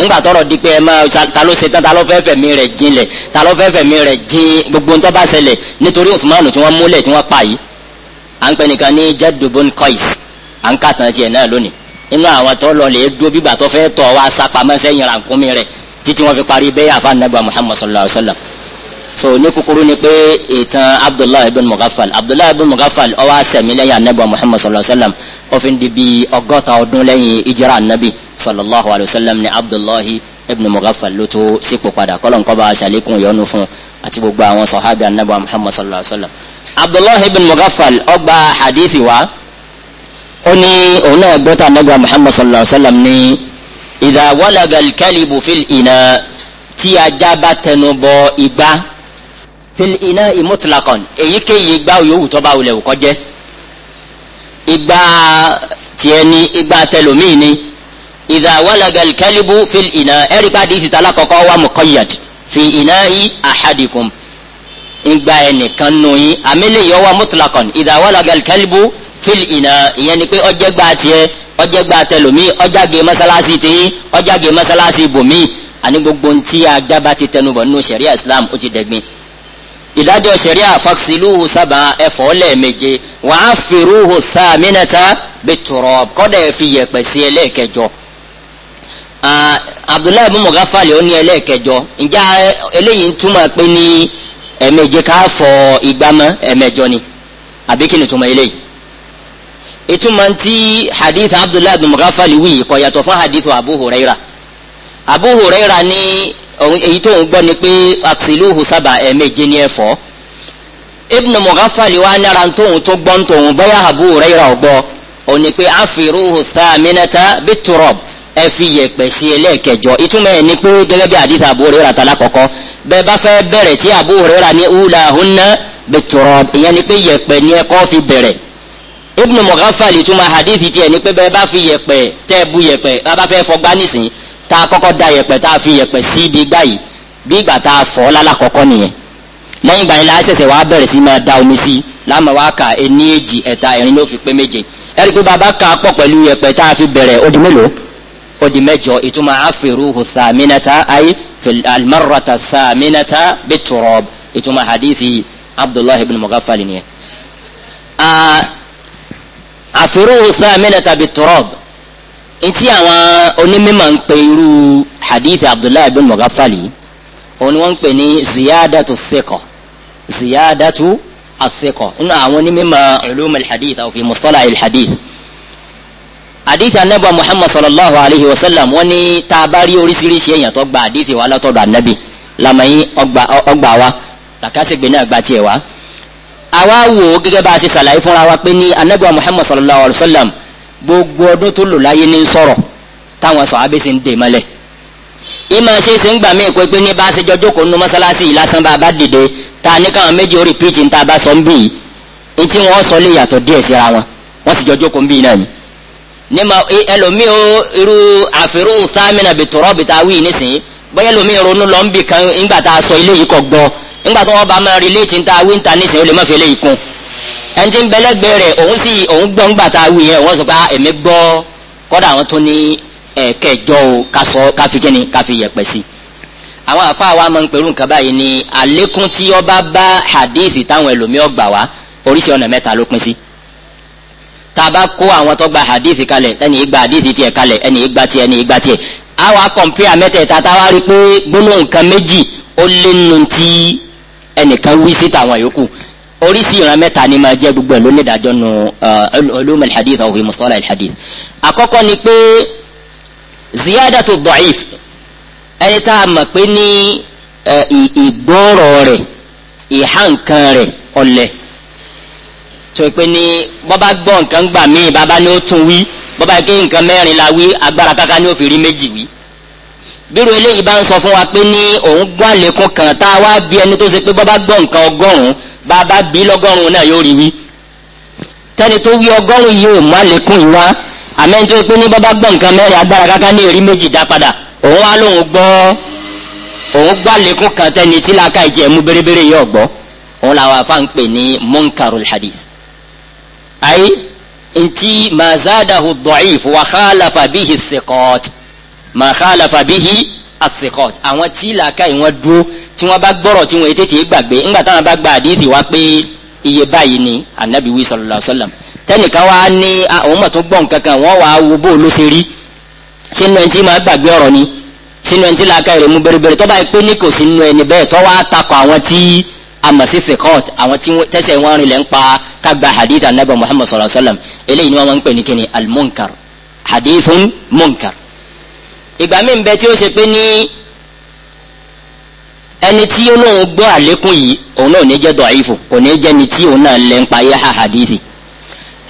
ńgbà tọrọ di pé ẹ máa ta ló ṣe tán ta ló fẹ́ fẹ̀mí rẹ̀ jinlẹ̀ ta ló fẹ́ fẹ̀mí rẹ̀ jin gbogbo ntọ́ bá ṣẹlẹ̀ nítorí Usmanu tí wọ́n múlẹ̀ tí wọ́n pa yìí à ń pẹ́ nìkan ní jẹ́dùbọ́n kọ́ìs à ń kàtàn tiẹ̀ náà lónìí inú àwọn tó lọ lè dúró bígbà tó fẹ́ tọ̀ wá sápamọ́ sẹ́yìn rànkúnmí rẹ̀ títí wọ́n fi parí bẹ́ẹ̀ àfa nàgbà Muhammad sallallahu alayhi wa sallam so ní kúkúrú ni pé ìtàn abdullahi ibn mughaffal abdullahi ibn mughaffal ó wá ṣẹ̀mí lẹ́yìn anabi muhammad sallallahu alayhi wa sallam ó fi di bí ọgọ́ta ọdún lẹ́yìn ìjírà anabi sallallahu alayhi wa sallam ni abdullahi ibn mughaffal ló tó sípò padà kọ́lọ̀ nǹkan bá aṣàlékún ìyọ́nú fún àti gbogbo àwọn sọ̀hábì anabi muhammad sallallahu alayhi wa sallam abdullahi ibn mughaffal ó gba hadithi wa ó ní òun náà gbọ́ta anabi muhammad sallallahu alayhi wa sallam ní idha walagal kalibu fil ina tí ajá bá tẹnubọ igbá fil iná imutlakon èyíkéyìí igbá yòówù tó bá wulẹ̀ kó jẹ́ igbá tiẹ̀ ni igbá tẹlòmíì ni ìdá wàlágàl kẹlíbù fil iná ẹ̀ríkà dìísì tala kọ̀kọ́ wà muqayyad fi iná yìí ahadikum igbá ẹnìkan nù yín àmìlẹ̀ yọ wà mutlakon ìdá wàlágàl kẹlíbù fil iná ìyẹn ni pé ọjẹ́ gbá masalasi tiyín ọjàgé gbogbo ntí agbába ti tẹnubọ̀ nù Islam ó ti dẹ̀gbin ìdájọ́ sẹ̀ríà fàksìlúhu sábà ẹ̀fọ́ lẹ́ẹ̀meje wà á fìrúhu sàmínàta bìtúrọ̀ kọ́dà ẹ̀fi yẹ̀pẹ̀ sí ẹlẹ́ẹ̀kẹjọ. abdullahi bin mugafali ó ní ẹlẹ́ẹ̀kẹjọ ǹjẹ́ eléyìí ń túmọ̀ pé ní ẹ̀ẹ̀meje ká fọ ìgbàmọ́ ẹ̀ẹ̀mẹjọ ni àbí kí ni túmọ̀ eléyìí. ìtumọ̀ ti hadith abdullahi bin mugafali wí kò yàtọ̀ fún hadith abu huraira abu huraira ní èyí tó ń gbọ́ ni pé àtìlúhù sábà ẹ̀ẹ̀méje ní ẹ̀fọ́ ibn mughaffal wa nara tóun tó gbọ́n tóun bóyá abu rẹ́yìrà ọ̀gbọ́ ò ní pé àfìrúhù thaminata biturab ẹ fi yẹ̀pẹ̀ sí ẹlẹ́ẹ̀kẹjọ ìtumọ̀ ẹ̀ ni pé gẹ́gẹ́ bí àdìsá abu rẹ́yìrà tala kọ̀kọ́ bẹ́ẹ̀ bá fẹ́ bẹ̀rẹ̀ tí abu rẹ́yìrà ní ulahunna biturab ìyẹn ni pé yẹ̀pẹ̀ ni ẹ kọ́ fi bẹ̀rẹ̀ ibn mughaffal ìtumọ̀ hadithi tiẹ̀ ni pé bẹ́ẹ̀ bá fi yẹ̀pẹ̀ tẹ́ bu yẹ̀pẹ̀ bá fẹ́ fọgbá nísìnyí tá a kọ́kọ́ da yẹ̀pẹ̀ tá a fi yẹ̀pẹ̀ sí ibi gbá yìí bí ìgbà tá a fọ̀ ọ́ lálàkọ́kọ́ nìyẹn lẹ́yìn ìgbà yẹn la ṣẹ̀ṣẹ̀ wàá bẹ̀rẹ̀ sí máa da omi sí láàmú wa kà ení èjì ẹ̀ta ẹ̀rin ló fi pé méje ẹ̀rí pé bàbá ka pọ̀ pẹ̀lú yẹ̀pẹ̀ tá fi bẹ̀rẹ̀ ó di mélòó ó di mẹ́jọ ìtumọ̀ àfẹrùhù sàmínàtà ayé almarata sàmínàtà biturab ìtumọ̀ hadithi abdullahi ibn mughaffal nìyẹn. àfẹrùhù ah, sàmínàtà biturab etí àwọn onímọ̀ ń pe irú hadith abdullahi bin mugafali òun wọ́n ń pè ní ziyadatu thiqa ziyadatu athiqa nínú àwọn onímọ̀ ulum alhadith aw fi mustalah alhadith hadith anabi muhammad sallallahu alayhi wa sallam wọ́n ní tá a bá rí oríṣiríṣi èèyàn tó gba hadith wa látọ̀dọ̀ anabi lamẹ́yìn ọgbà wa làkàṣègbè náà gba tiẹ̀ wa àwa wò gẹ́gẹ́ bá a ṣe ṣàlàyé fúnra wa pé ní anabi muhammad sallallahu alayhi wa sallam gbogbo ọdún tó lò láyé ní sọ̀rọ̀ táwọn sọ abẹ́sẹ̀ ń dè mọ́lẹ̀ ìmọ̀ ṣe é ṣe ń gbà mí pé pé ní bá a ṣe jọ jókòó nínú mọ́ṣáláṣí yìí lásán bá a bá dìde ta ní káwọn méjì ó repeat ní ta bá sọ ń bì yìí ní tí wọ́n sọ lè yàtọ̀ díẹ̀ síra wọn wọ́n sì jọ jókòó ń bì náà ni. nímọ̀ ẹlòmíì ó irú àfẹ́rù sámìnà bìtọ̀rọ̀ bìtà wíì nísìnyí bóyá ẹlòmíì ronú lọ ń bì kan ńgbà tá a sọ ilé yìí kọ gbọ́ ńgbà tó wọ́n bá máa relate ní ta wí nísìnyí ó lè má fi eléyìí kún ẹni tí ń bẹlẹgbẹ rẹ òun sì òun gbọ́ ńgbà tá a wí yẹn wọ́n sọ pé ah, èmi gbọ́ kọ́dà àwọn tó ní ẹ̀kẹjọ o ká sọ ká fi kíni ká fi yẹpẹ̀ sí i. àwọn àfa wa máa ń pẹ̀lú nǹkan báyìí ni àlékún tí ọba bá hadith táwọn ẹlòmíràn gbà wá oríṣi ọ̀nà mẹ́ta ló pín sí. tá a bá kó àwọn tó gba hadith kalẹ̀ ẹni ìgbà hadith tiẹ̀ kalẹ̀ ẹni ìgbà tiẹ̀ ẹni ìgbà tiẹ̀ a kọ̀mpíà mẹ́tẹ̀ẹ̀ta tá a wá rí pé gbólóhùn kan méjì ó lé nu ti ẹnìkan wí sí tàwọn yòókù Orisi ìran mẹ́ta ni máa jẹ́ gbogbo ẹ̀ ló ní ìdájọ́ nu uh, ulum alhadith. hadith aw fi mustalah al-hadith àkọ́kọ́ ni pé ziyadatu ad-da'if ẹni tá a mọ̀ pé ní uh, ìgbọ́rọ̀ rẹ̀ ìhá nǹkan rẹ̀ tó pé ní bọ́bá gbọ́ nǹkan gbà míì bàbá ni ó tún wí bọ́bá gé nǹkan mẹ́rin la wí agbára káká ni ó fi rí méjì wí bírò eléyìí bá ń sọ fún wa pé ní òun gbọ́ àlékún kan tá a wá bí ẹni tó ṣe pé bọ́bá gbọ́ nǹkan ọgọ́rùn-ún bàbá bí lọ́gọ́rùn náà yóò rí wí tẹ́ni tó wí ọgọ́rùn yìí ò má lékún ìwá àmẹ́ni tó pé ní bàbá gbọ́ nǹkan mẹ́rin agbára káká ní èrí méjì dá padà òun wá lóun gbọ́ òun gbọ́ lékún kan tẹ́ni tí làákà ìjẹ́ mú bérebére yìí ọ̀gbọ́ òun làwọn afa ń pè ní munkarul hadith ayi nti mazadahu da'if wa khalafa bihi thiqat ma khalafa bihi athiqat àwọn tí làákà yìí dúró tí wọ́n bá gbọ́rọ̀ tí wọ́n tètè gbàgbé ńgbà táwọn bá gba àdìsí wa pé iye báyìí ni anabi wi sallallahu alaihi wasallam tẹnìkan wa ní àwọn ah, mọ̀tún gbọ́ nǹkan kan wọ́n wàá wo bó ló ṣe rí sínú ẹni tí máa gbàgbé ọ̀rọ̀ ni sínú ẹni tí làákà rẹ̀ mú bẹ̀rẹ̀bẹ̀rẹ̀ tó báyìí pé ní kò sínú ẹni bẹ́ẹ̀ tó wàá takọ̀ àwọn tí amasi fikot àwọn tí tẹsẹ̀ wọn rìn lẹ́ ń kagbà hadith anabi muhammad sallallahu alaihi wasallam eléyìí ni wọ́n máa ń pè ní kíni almunkar hadithun munkar ìgbà mi bẹ tí ó ṣe pé ní ẹni tí ó lóun gbọ́ àlékún yìí òun náà ò ní jẹ́ dọ̀ífù kò ní jẹ́ ni tí òun náà lẹ́ ń payé ha hadithi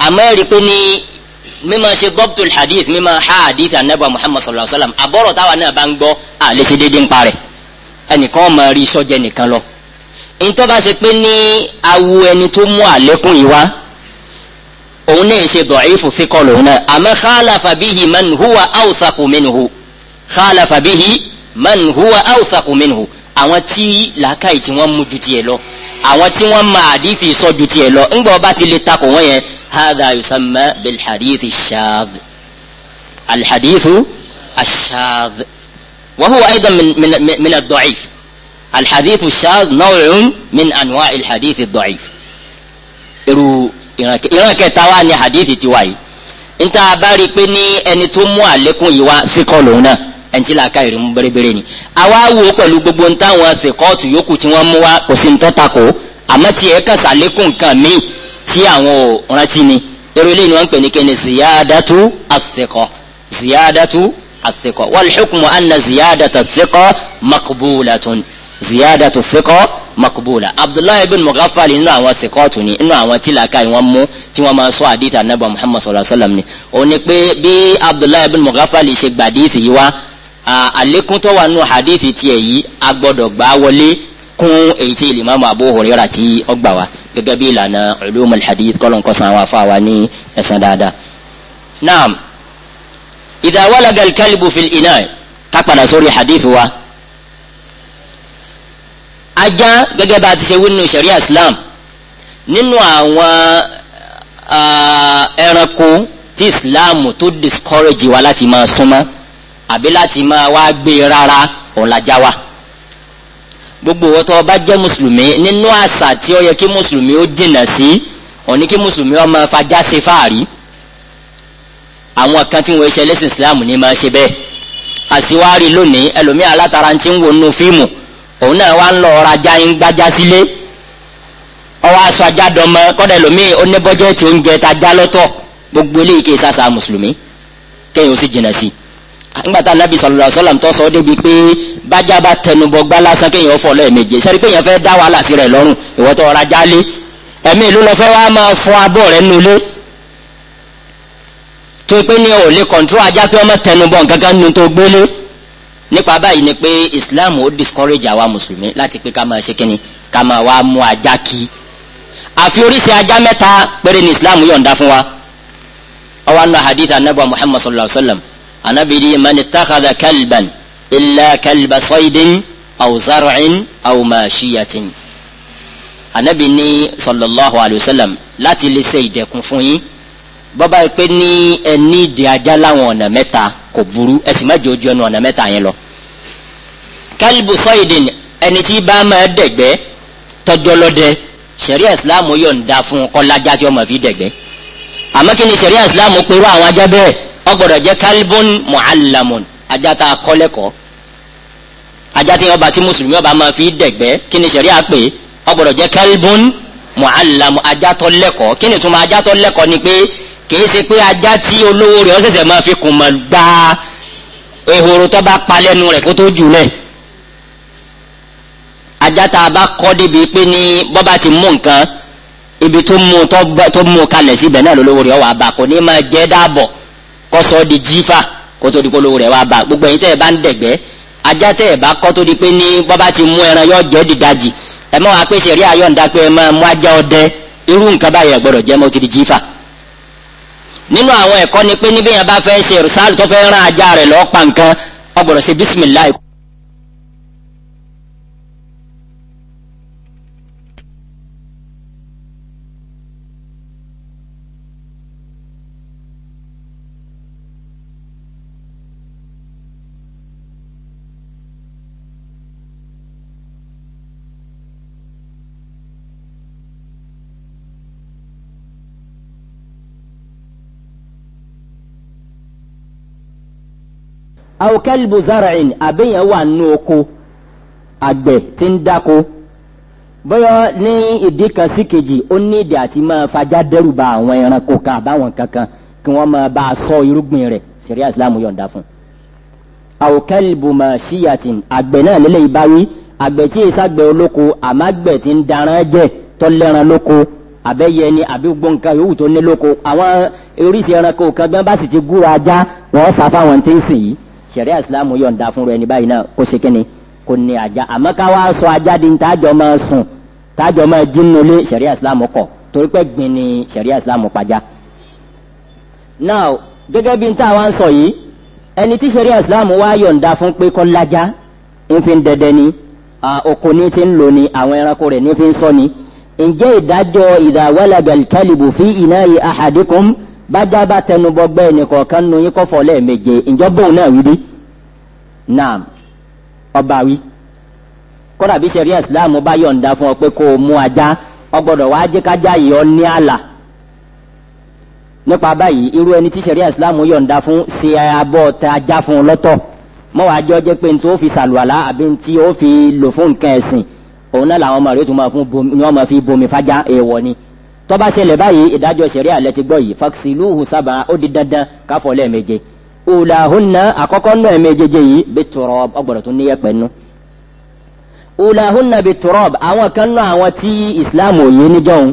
àmọ́ ẹ̀rí pé ní mímọ ṣe gọ́pùtù hadith mímọ ha hadith anabi muhammad sallallahu alayhi wa sallam àbọ̀rọ̀ táwa náà bá ń gbọ́ àlẹ́sẹ̀ déédéé ń parẹ́ ẹnìkan máa rí sọ́jẹ́ nìkan lọ ntọ́ bá ṣe pé ní awo ẹni tó mú àlékún yìí wá òun náà ṣe dọ̀ífù síkọ̀ lòun náà man huwa awsaqu minhu àwọn tí làákàyè tí wọ́n mú ju tiẹ̀ lọ àwọn tí wọ́n máa àdífi sọ ju tiẹ̀ lọ ńgbà ọba ti lè takò wọ́n yẹn hadha yusamma bil hadith shaadh al hadith shaadh wa huwa aydan min min min ad-da'if al hadith shaadh naw'un min anwa' al hadith ad-da'if irú ìran kẹta wa ni hadith tiwa yìí n ta bá rí pé ní ẹni tó mú àlékún yi wá fi kọ́ lòun náà. ẹnití làákà ìrì mú bèrèbèrè ni àwa wo pẹ̀lú gbogbo ní táwọn ṣèkọ́ọ̀tù yòókù tí wọ́n mú wa kò sí nítọ́ takò àmọ́ tí ẹ kàn sàlékún nǹkan míì tí àwọn ò rántí ni eré ilé ni wọ́n ń pè ní kéne ziyadatu athqa ziyadatu athqa wal hukmu anna ziyadatu athqa maqbulatun ziyadatu athqa makubula abdullahi ibn mughaffali nínú àwọn sikọọtù ni nínú àwọn tí làákà yìí wọn mú tí wọn máa sọ àdìtà nàbà muhammad sallallahu alayhi wa sallam ni òun ni pé bí abdullahi ibn mughaffali ṣe gbàdìtì yìí wá àlékún tó wà nù hadithi tiẹ̀ yìí a gbọ́dọ̀ gbà wọlé kún èyí tí Imam Abu Hurairah tí ó gbà wá gẹ́gẹ́ bí ìlànà ulumul hadith kọ́lọ̀ nǹkan san àwọn afáwa ní ẹ̀sán dáadáa. naam idha walaga al-kalbu fil ina ká padà sórí hadith wa ajá gẹ́gẹ́ bá a ti ṣe wí nínú sharia Islam nínú àwọn ẹranko tí Islam tó discourage wa láti máa súnmọ́ àbí láti máa wá gbé rárá ọ̀làjà wa gbogbo wọn tó bá jẹ́ mùsùlùmí nínú àṣà tí ó yẹ kí mùsùlùmí ó dìnà sí òní kí mùsùlùmí ó máa fajá ṣe fáàrí àwọn kan tí wọn ṣe lẹ́sìn islam ní máa ṣe bẹ́ẹ̀ àṣìwárí lónìí ẹlòmíì alátara ti ń wọnú fíìmù òun náà wá ń lọ ọ̀rajà ń gbájá sílé ọwọ́ aṣọ ajá dọmọ kọ́dà ẹlòmíì ó ní bọ́jẹ́ẹ̀tì oúnjẹ tá a já lọ́tọ̀ gbogbo eléyìí kì í sàṣà mùsùlùmí kẹ́yìn ó sì jìnà sí nígbàtà anabi sallallahu alaihi wasallam tó sọ débi pé bájá bá tẹnubọ gbá lásán kéèyàn fọ lẹ́ẹ̀mejì sẹ́ni pé èèyàn fẹ́ dá wàhálà sí rẹ̀ lọ́rùn ìwọ́tọ̀ ọ̀rá jálé ẹ̀mí ìlú lọ́fẹ́ wàá máa fọ abọ́ rẹ̀ nulẹ̀ tó pé ní ò lè kọ̀ǹtró ajá pé ọmọ tẹnubọ nǹkan kan nu tó gbélé nípa báyìí ni pé islam ó discourage àwa mùsùlùmí láti pé ká máa ṣe kíni ká máa wá mú ajá kí àfi oríṣi ajá mẹ́ta péré ni islam yọ̀ǹda fún wa ọwọ́ àná hadith anabi muhammad sallallahu alaihi wasallam anabi ni man ittakhadha kalban illa kalba saydin aw zar'in aw mashiyatin anabi ni sallallahu alayhi wa sallam láti lè ṣe ìdẹ̀kùn fún yín bọ́bá yìí pé ní ẹni ìdè ajá láwọn ọ̀nà mẹ́ta kò burú ẹ̀sìn mẹ́jọ ojú ẹnu ọ̀nà mẹ́ta yẹn lọ. kálíbù sọ́ìdìn ẹni tí bá máa dẹ̀gbẹ́ tọ́jọ́ lọ́dẹ sẹ̀ríà ìsìláàmù yọ̀ǹda fún kọ́lájà tí ọmọ fi dẹ̀gbẹ́ àmọ́ kí ni sẹ̀ríà ìsìláàmù pẹ̀lú àwọn ajá bẹ́ẹ̀ ọgbọ́dọ̀ jẹ́ kalbon mu'allamun ajá tá a kọ́ lẹ́kọ̀ọ́ ajá tí ọba tí mùsùlùmí ọba máa fi dẹ̀gbẹ́ kí ni sẹ̀rí àpè ọgbọ́dọ̀ jẹ́ kalbon mu'allamun ajá tó lẹ́kọ̀ọ́ kí ni túmọ̀ ajá tó lẹ́kọ̀ọ́ ni pé kìí ṣe pé ajá tí olówó rẹ̀ ọ̀sẹ̀sẹ̀ máa fi kùn mọ̀ gbá ehoro tó bá pa lẹ́nu rẹ̀ kó tó jù lẹ̀ ajá tá a bá kọ́ débi pé ní bọ́ba ti mú nǹkan ibi tó mú tó mú kalẹ̀ síbẹ̀ náà lólówó rẹ̀ ọ̀ wà ní máa jẹ́ dáàbọ̀ kọsọ di jifa kótó di polówó rẹ wá gbogbo ẹ̀yin tẹ ẹ bá ń dẹgbẹ ajá tẹ ẹ bá kọ tó di pé ní bọba ti mú ẹran yọ jẹ dídájì ẹ mọ wá pé sẹrí ayọǹda pé ẹ máa mú ajá ọdẹ irú nǹkan báyẹn gbọ́dọ̀ jẹ mọ ti di jífa nínú awokẹ́lìbù zarin àbẹ̀yẹn wà nù oko àgbẹ̀ tí ń dáko bóyá ní ìdí kan sí kejì ó ní ìdí àti máa fajá dẹ́rù ba àwọn ẹranko kan àbáwọn kankan kí wọ́n máa bá a sọ irúgbìn rẹ̀ sẹ̀ríà islam yọ̀ǹda fún un. àwòkẹ́lìbù mà ṣíyàtìn àgbẹ̀ náà lélẹ̀ ìbáwí àgbẹ̀ tí èsì àgbẹ̀ olóko àmọ́ àgbẹ̀ tí ń daran jẹ́ tọ́lẹ́ran lóko àbẹ́yẹ ni àbí gbọ̀ǹkan yòówù tó ní lóko àwọn oríṣi ẹranko kan gbọ́n bá sì ti gúra ajá wọ́n sá fáwọn tí ń sìn yìí sẹ̀ríà ìsìlámù yọ̀ǹda fún rẹ̀ ní báyìí náà kó ṣe kínni kò ní ajá àmọ́ ká wá sọ ajá di ní tájọ́ máa sùn tájọ́ máa jínú lé sẹ̀ríà ìsìlámù kọ̀ torí pé gbìn ní sẹ̀ríà ìsìlámù pàjá. now gẹ́gẹ́ bí n tá a wá ń sọ yìí ẹni tí sẹ̀ríà ìsìlámù wá yọ̀ǹda fún pé kọ́ lájá ń fi dẹdẹ ni oko ní ti ń lò ní àwọn ẹranko rẹ̀ ní fi ń sọ ni ǹjẹ́ ìdájọ́ ìdàwálàgàl bájá bá tẹnubọ gbẹ ẹnìkọ̀ọ̀kan nu yín kọ́fọ̀ lẹ́ẹ̀meje ìjọba òun náà wí bí naam ọba wí kódà bí sẹ̀rí ẹ̀sìláàmù bá yọ̀ǹda fún ọ pé kó o mú ajá ọgbọ́dọ̀ wá jẹ́ kájá yìí ọ ní àlà nípa báyìí irú ẹni tí sẹ̀rí ẹ̀sìláàmù yọ̀ǹda fún ṣe abọ́ ta ajá fún un lọ́tọ̀ mọ́wàá jọ jẹ́ pé nítorí ó fi sàlùwàlá àbí tí ó fi lò fún nǹkan ẹ̀sìn òun náà làwọn ọmọ rẹ̀ tún máa fi bomi fájá èèwọ̀ ni tọ́ba ṣẹlẹ̀ báyìí ìdájọ́ ṣẹ̀rí alẹ́ ti gbọ́ yìí fàksìlúhù sábà ó di dandan káfọ́ lẹ́ẹ̀méje ulahunna àkọ́kọ́ nù ẹ̀méjèèjì yìí bí turab ọgbọ̀dọ̀ tún níyẹ̀pẹ̀ nù. ulahunna bí turab àwọn kan nù àwọn tí islam ò yé níjọ́hun.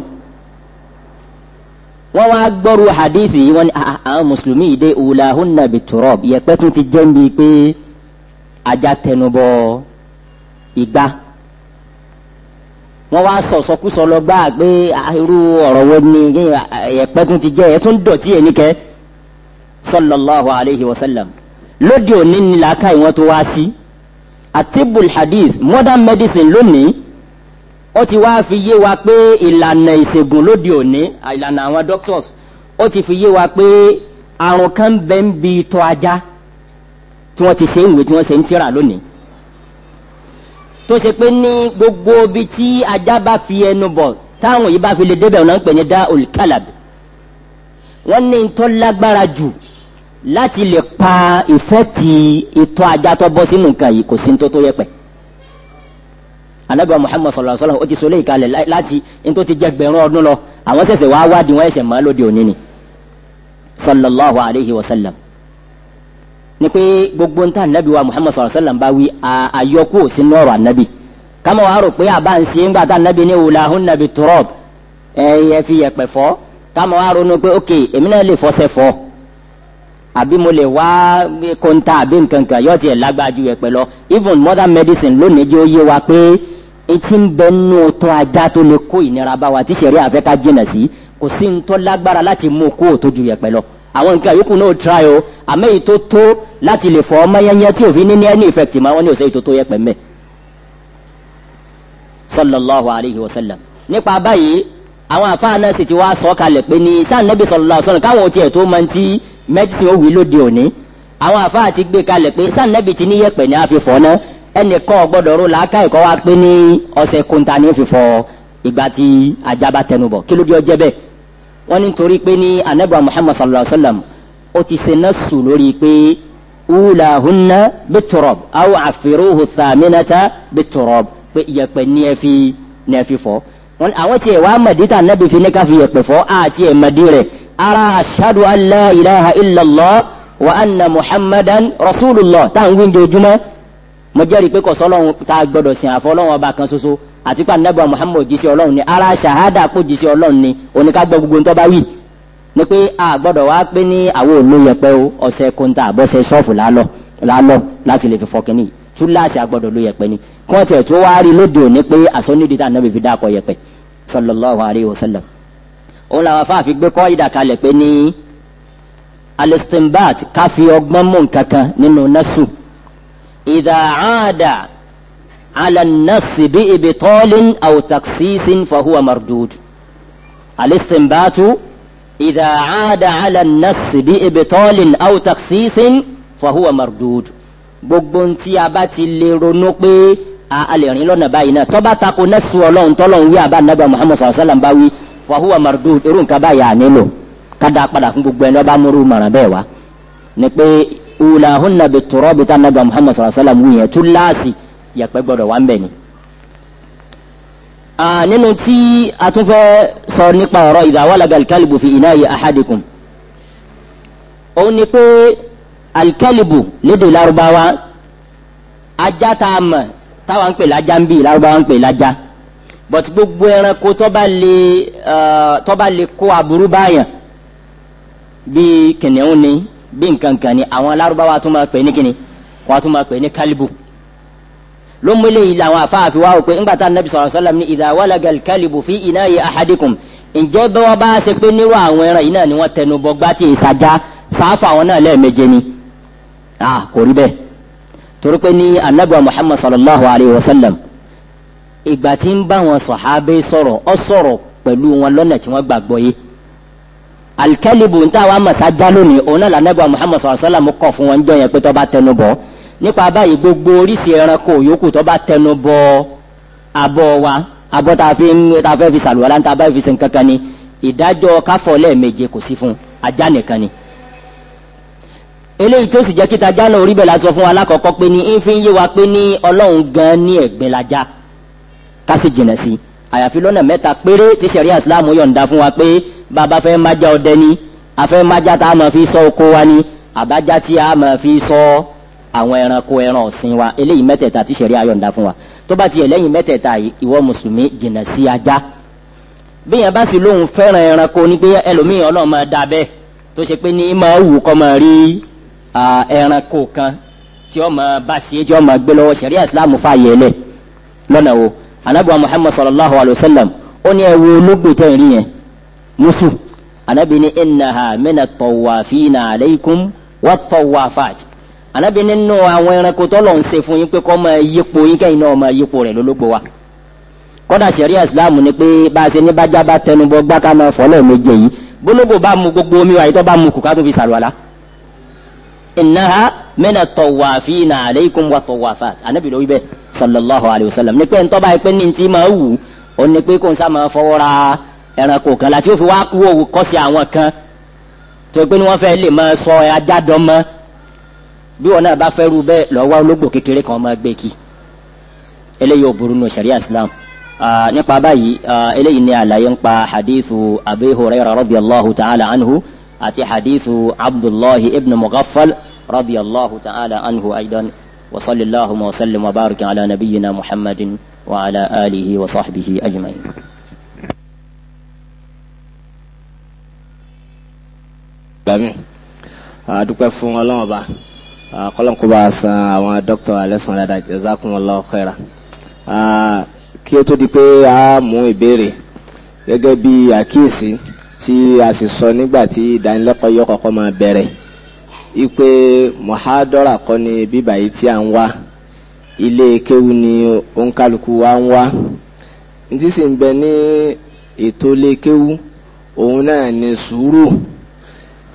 wọ́n wá gbọ́rú hadithi wọn ni ah, ah, àwọn mùsùlùmí yìí dé ulahunna bí turab yẹ̀pẹ̀ tún ti jẹ́ ń pé ajá tẹnubọ ìgbà wọ́n wá sọ̀sọkúsọ lọ gbáà pé ah, irú ọ̀rọ̀ wo ni ah, ẹ̀pẹ́kun ti jẹ́ ẹ̀ tó ń dọ̀tí ẹ̀ níkẹ́ sallallahu alayhi wa sallam lóde òní ni làákà ìwọ́n tó wá sí atibul hadith modern medicine lónìí ó ti wá fi yé wa pé ìlànà ìṣègùn lóde òní ìlànà àwọn doctors ó ti fi yé wa pé àrùn kan bẹ́ẹ̀ ń bi tọ́ ajá tí wọ́n ti ṣe ń tí wọ́n ṣe ń tíra lónìí tó ṣe pé ní gbogbo ibi tí ajá bá fi ẹnu bọ̀ táwọn yìí bá fi lè débẹ̀ ọ̀nà ń pè ní dá olùkálàb wọ́n ní tó lágbára jù láti lè pa ìfẹ́ ti ìtọ́ ajá tó bọ́ sínú nǹkan yìí kò sí tó tó yẹ pẹ̀ anabi muhammad sallallahu alaihi wa sallam o ti sọ léyìí kalẹ̀ láti ntọ́ ti jẹ́ gbẹ̀rún ọdún lọ àwọn ṣẹ̀ṣẹ̀ wá wádìí wọn ẹ̀ṣẹ̀ máa lóde òní ni sallallahu alaihi wa sallam ni pé gbogbo ntá anabi wa muhammad sallallahu alaihi wa sallam bá wí àyọkú òsín nọrọ anabi kama wàá rò pé àbá ń se ńgbà nabi anabi ní wùlà hún nàbì turab ẹ yẹ fi yẹpẹ kama wàá ronú pé ok èmi náà lè fọsẹ fọ àbí mo lè wá kóńtà àbí nkankan yóò tiẹ̀ lágbájú yẹpẹ lọ even modern medicine lónìí jẹ́ ó yé wa pé etí ń bẹ nù tó ajá tó lè kó ìnira bá wa tí sẹ̀rí àfẹ́ ká jìnà sí kò sí ń lágbára láti mú kó o tó ju yẹpẹ lọ àwọn nǹkan yòókù náà try o àmọ́ èyí tó tó láti lè fọ ọmọ yẹnyẹn tí òfin ní ní any effect mọ́ wọn ní òsè èyí tó tó yẹ pẹ̀mẹ́ sallallahu alayhi wa sallam nípa báyìí àwọn àfáà náà sì ti wá sọ kalẹ̀ pé ní sáà nẹ́bí sallallahu sallam káwọn tiẹ̀ tó máa ti medicine ó wí lóde òní àwọn àfáà ti gbé kalẹ̀ pé sáà nẹ́bí ti ní yẹ̀pẹ̀ ní àfi fọ́ náà ẹnìkan ọgbọ́dọ̀ ro làákà ẹ̀kọ́ wa pé ní ọ̀sẹ̀ kúńtà ní fífọ ìgbà tí ajá bá tẹnubọ̀ kí ló dé ọjẹ́ bẹ́ẹ̀ wọ́n ní torí pé ní anabiwa muhammad sallallahu alayhi wa sallam ó ti ṣe nasu lórí pé wúlà hunna bitorob awo àfiruhu thaminata bitorob pé iyẹ̀pẹ̀ ní ẹ fi ní ẹ fi fọ́ àwọn tiẹ̀ wá màdítà anabi fi ní ká fi iyẹ̀pẹ̀ fọ́ àti ẹ̀ màdí rẹ̀ ara ashadu an la ilaha wa anna muhammadan rasulillah tá à ń gbìyànjú mo jẹ́rìí pé kò tá a gbọ́dọ̀ sìn àfọ́ ọba kan ṣoṣo àti pa anabi muhammad jíṣẹ́ ọlọ́run ni ara ṣahada kó jíṣẹ́ ọlọ́run ni oníkagbọ́ gbogbo ń tọ́ba wí ni pé a gbọ́dọ̀ wá pé ní àwọn olóyèpẹ o ọ̀sẹ̀ kóńtà àbọ̀sẹ̀ ṣọ́ọ̀fù lálọ́ lálọ́ láti lè fi fọkàn ní túláàsì agbọ́dọ̀ olóyèpẹ ni kọ́ńtì ẹ̀ tó wá rí lóde òní pé àsọnídìí tá anabi fi dáàkọ yẹpẹ sallallahu alayhi wa sallam على النص بإبطال أو تخصيص فهو مردود الاستنباط إذا عاد على النص بإبطال أو تخصيص فهو مردود gbogbo ntí a bá ti lè ronú pé a lè rìn lọ́nà báyìí náà tọ́ba tako nẹ́sù ọlọ́run tọ́lọ́run wí àbá nàbà muhammed sọ̀rọ̀ sálàm bá wí fọ̀húwà mardud irú nǹkan báyìí à nílò kádà padà fún gbogbo ẹni ọba múrú mọ̀ràn bẹ́ẹ̀ wá ni pé wùlà hùnà bìtúrọ̀ bìtá nàbà muhammed sọ̀rọ̀ sálàm wí yẹn tú láàsì yẹ̀pẹ̀ gbọ́dọ̀ wà ń bẹ̀ ni. nínú tí a tún fẹ́ sọ nípa ọ̀rọ̀ ìdáwọ́lága alikalibu fi iná yẹ ahadikum òun ni pé alikalibu lédè Lárúbáwá ajá tá a mọ̀ táwa ń pè lájá ń bì Lárúbáwá ń pè lájá but gbogbo ẹranko tó bá lè tó bá lè kó aburú báyàn bíi kìnìún ni bíi nkankan ni àwọn Lárúbáwá tún máa pè ní kíni wọ́n tún máa pè ní kalibu ló mú eléyìí làwọn afáàfi wá wò pé ńgbà tá anabi sọ̀rọ̀ sọ́lá ní ìdá wàlágàl kálíbù fi iná yẹ ahadikum ǹjẹ́ bí wọ́n bá ṣe pé nírú àwọn ẹran yìí náà ni wọ́n tẹnu bọ gbá tí ìsajá sáfà àwọn náà lẹ́ẹ̀méje ni kò rí bẹ́ẹ̀ torí pé ní anabi muhammad sallallahu alayhi wa sallam ìgbà tí ń bá wọn sọ̀hábẹ́ sọ̀rọ̀ ọ sọ̀rọ̀ pẹ̀lú wọn lọ́nà tí wọ́n gbàgbọ́ yé alikẹ́líbù ń tàwa masajá lónìí òun náà lànàbọ̀ muhammad sallallahu alayhi wa sallam kọ̀ fún wọn jọ yẹn pé tó bá tẹnu bọ̀ nípa báyìí gbogbo oríṣi ẹranko yòókù tó bá tẹnu bọ abọ́ wa abọ́ tá a fi ń tá a fẹ́ fi sàlùwàlá ń tá a bá fi sin kankan ni ìdájọ́ káfọ́ lẹ́ẹ̀meje kò sí fún ajá nìkan ni eléyìí tó sì jẹ́ kíta ajá orí bẹ̀ sọ fún wa lákọ̀ọ́kọ́ pé ní ìfi ń yé wa pé ní ọlọ́run gan ní ẹ̀gbin lajá ká sì jìnà sí àyàfi lọ́nà mẹ́ta péré tí sẹ̀ríà islam yọ̀ǹda fún wa pé bàbá fẹ́ májá ọdẹ ni afẹ́ májá tá a máa fi sọ oko wa ni àbájá tí a máa fi sọ ọ́ àwọn ẹranko ẹran ọ̀sìn wa eléyìí mẹ́tẹ̀ẹ̀ta tí sẹ̀rí ayọ̀ǹda fún wa tó bá tiẹ̀ lẹ́yìn mẹ́tẹ̀ẹ̀ta ìwọ mùsùlùmí jìnnà sí ajá bí yẹn bá sì lóun fẹ́ràn ẹranko ní pé ẹlòmíyàn ọlọ́run máa da bẹ́ẹ̀ tó ṣe pé ní máa wù kọ́ máa rí ẹranko kan tí ó máa bá sí tí ó máa gbé lọ́wọ́ sẹ̀rí islam fààyè lẹ̀ lọ́nà wo anabiwa muhammad sallallahu alayhi wa sallam ó ní ẹ wo tẹ́ ń yẹn musu anabi ní innaha mina tọwafina aleikum wa tọwafati anabi nínú àwọn ẹranko tọ́lọ̀ ń ṣe fún yín pé kọ́ máa yípo yín kẹ́yìn náà máa yípo rẹ̀ lólógbò wa kọ́dà sẹ̀rí islam ni pé bá a ṣe ní bájá bá tẹnubọ́ gbá ká máa fọ́ lẹ́ẹ̀mejì yìí bólógbò bá mu gbogbo omi wa yìí tó bá mu kù ká tún fi sàlùwàlá. innaha mina tawafina aleikum wa tawafat anabi ló wí bẹ́ẹ̀ sallallahu alayhi wa sallam ni pé ntọ́ báyìí pé ní ti máa wù ó ní pé kò ń sá máa fọwọ́ ra ẹranko kan bí wọn náà bá fẹ́ rú bẹ́ẹ̀ lọ wá ológbò kékeré kan máa gbé kí eléyìí ò burú nù sariya islam nípa báyìí eléyìí ni àlàyé ń pa hadithu abi hurairah radiyallahu ta'ala anhu àti hadithu abdullahi ibn mughaffal radiyallahu ta'ala anhu aidan wa sallallahu wa sallam wa baraka ala nabiyyina muhammadin wa ala alihi wa sahbihi ajma'in. gbàmí àdúpẹ́ fún ọlọ́wọ́n kọ́lọ́n kó bá a san àwọn dókítà alẹ́sàn dada jazakumullahu khaira kí ó tó di pé a mú ìbéèrè gẹ́gẹ́ bí àkíyèsí tí a sì sọ nígbà tí ìdánilẹ́kọ̀ọ́ yọ kọ́kọ́ máa bẹ̀rẹ̀ ipe mọ̀hádọ́rà kọ́ ni bíbà yìí tí a ń wá ilé kéwu ni òǹkálukú wa ń wá ní sì ń bẹ ní ètò ilé kéwu òun náà ni sùúrù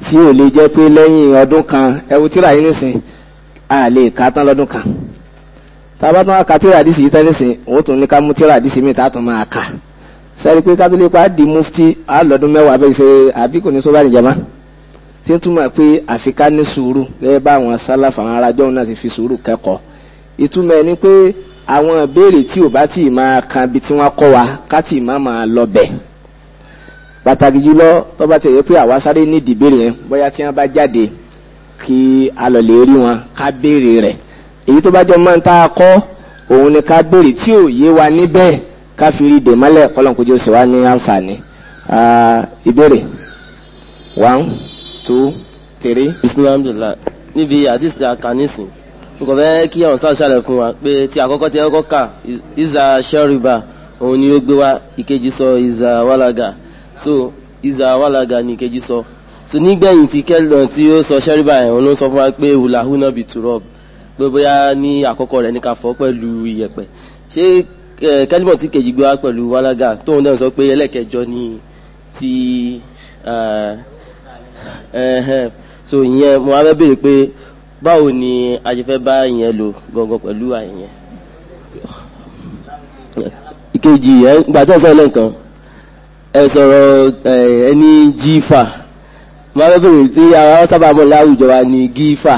tí ò lè jẹ́ pé lẹ́yìn ọdún kan ẹwù tíra yìí nìsín a lè kà tán lọ́dún kan tábà tán ká tíra àdìsí yìí tán nìsín òun tún ní ká mú tíra àdìsí mi tààtún máa kà sẹ́ni pé kátólí pa di mufti alọ́dún mẹ́wàá bẹ́ẹ̀ ṣe àbí kò ní sọ́ba nìjàmá tí ń túmọ̀ pé àfikà ní sùúrù gẹ́gẹ́ bá àwọn sálàfà àwọn arajọ́ náà sì fi sùúrù kẹ́kọ̀ọ́ ìtumọ̀ ni pé àwọn ìbéèrè tí ò bá tì máa kan bí tí wọ́n kọ́ wa ká tì máa máa lọ bẹ́ẹ̀ pàtàkì jùlọ tó bá ti yẹ pé àwa sáré ní ìdìbèrè yẹn bóyá tí wọn bá jáde kí a lọ lè rí wọn ká béèrè rẹ̀ èyí tó bá jọ máa ń tá a òun ni ká béèrè tí ò yé wa níbẹ̀ ká fi rí dèmọ́lẹ̀ kọ́lọ́nkójú sì wá ní àǹfààní ìbéèrè one two three. bisimilahi alhamdulilayi níbi àdìsí àkànnísìn nkò fẹ́ kí àwọn sáà ṣàlẹ̀ fún wa pé tí àkọ́kọ́ tí ẹ̀kọ́ kà ìzà ṣẹ́rìbà òun ni ó gbé wa ìkejì sọ ìzà wàlágà so ìzà wàlàgà ní kejì sọ so nígbẹ̀yìn tí kẹ́lọ̀ tí ó sọ ṣẹ́ríbà ẹ̀hún ló sọ fún wa pé wùlàhù náà bí turọ́b pé bóyá ní àkọ́kọ́ rẹ̀ ní ká fọ́ pẹ̀lú iyẹ̀pẹ̀ ṣé kẹ́límọ̀ tí kejì gbé wá pẹ̀lú wàlàgà tóun náà sọ pé ẹlẹ́kẹjọ ni ti so ìyẹn mo wá fẹ́ béèrè pé báwo ni a ṣe fẹ́ bá ìyẹn lò gangan pẹ̀lú àìyẹn ìkejì ẹ̀ gbàtọ́ sọ lẹ́ǹkan ẹ̀sọ̀rọ̀ ẹni jífà máa fẹ́ bèrè tí ara sábà mọ̀ láwùjọ wa ni gífà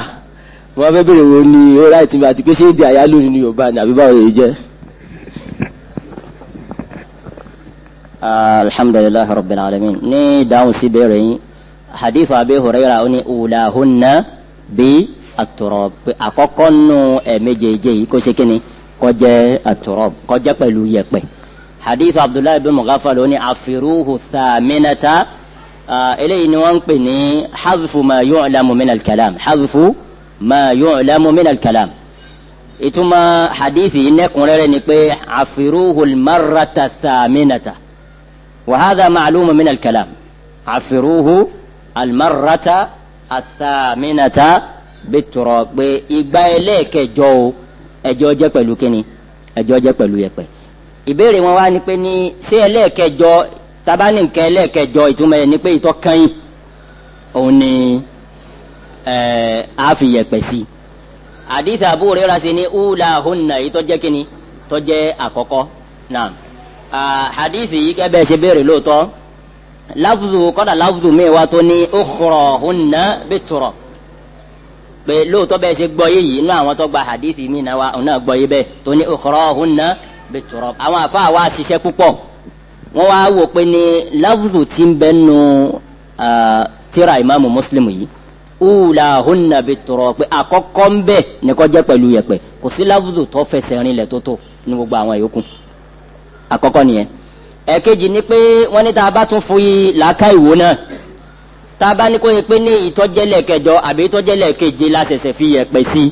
máa fẹ́ bèrè wo ni ó láì tìǹbà àti pé ṣé èdè àyálò nínú Yorùbá ni àbí báwo lè jẹ́. alhamdulilayi rabbil alamin ní ìdáhùn sí bèrè yín hadith Abi Hurayra ó ní ulahunna bí at-turab àkọ́kọ́ nù ẹ̀ méjèèjì yìí kó ṣe kíni kó jẹ́ at-turab kó jẹ́ hadith abdullahi bin mughaffal ní afiruhu thaminata eléyìí ni wọ́n ń pè ní hazifu ma yu'lamu min al-kalam hazifu ma yu'lamu min al-kalam ìtumọ̀ hadithi yìí nẹ́kúnrẹ́rẹ́ ni pé afiruhu al-marrata thaminata wa hadha ma'lumun min al-kalam afiruhu al athaminata biturab pé ìgbà ẹlẹ́ẹ̀kẹjọ o ẹjọ́ jẹ́ pẹ̀lú kíni ẹjọ́ jẹ́ pẹ̀lú yẹpẹ̀ ìbéèrè wọn wá ni pé ní ṣé ẹlẹ́ẹ̀kẹjọ tabani nǹkan ẹlẹ́ẹ̀kẹjọ ìtumọ̀ ẹ̀ ni pé ìtọ́kànyìn òun ni ẹ̀ á fi yẹ̀pẹ̀ sí i àdìsí àbúrò rẹ̀ ra sí ni ula hunna yìí tọ́jẹ́ kínní tọ́jẹ́ àkọ́kọ́ náà àdìsí yìí kẹ́bẹ́ ṣe béèrè lóòótọ́ láfùzù kọ́dà láfùzù mi wá tó ní ukhra hunna biturab pé lóòótọ́ bẹ́ẹ̀ ṣe gbọ́ yìí inú àwọn tó gba àdìsí mi náà wá òun náà gbọ́ yé bẹ́ẹ̀ tó ní ukhra hunna biturab biturab àwọn àfa wa ṣiṣẹ́ púpọ̀ wọ́n wá wò pé ní lafzu ti ń bẹ́ nu tírà ìmáàmù mùsùlùmù yìí ula hunna biturab pé àkọ́kọ́ ń bẹ̀ ní kó jẹ́ pẹ̀lú yẹ̀pẹ̀ kò sí lafzu tó fẹsẹ̀ rinlẹ̀ tó tó ní gbogbo àwọn yòókù àkọ́kọ́ nìyẹn ẹ̀kejì ni pé wọ́n ní tá a bá tún fún yìí làákà ìwò náà tá ní kó yẹ pé ní ìtọ́jẹ́lẹ̀ kẹjọ àbí ìtọ́jẹ́lẹ̀ keje la ṣẹ̀ṣẹ̀ fi yẹ̀pẹ̀ sí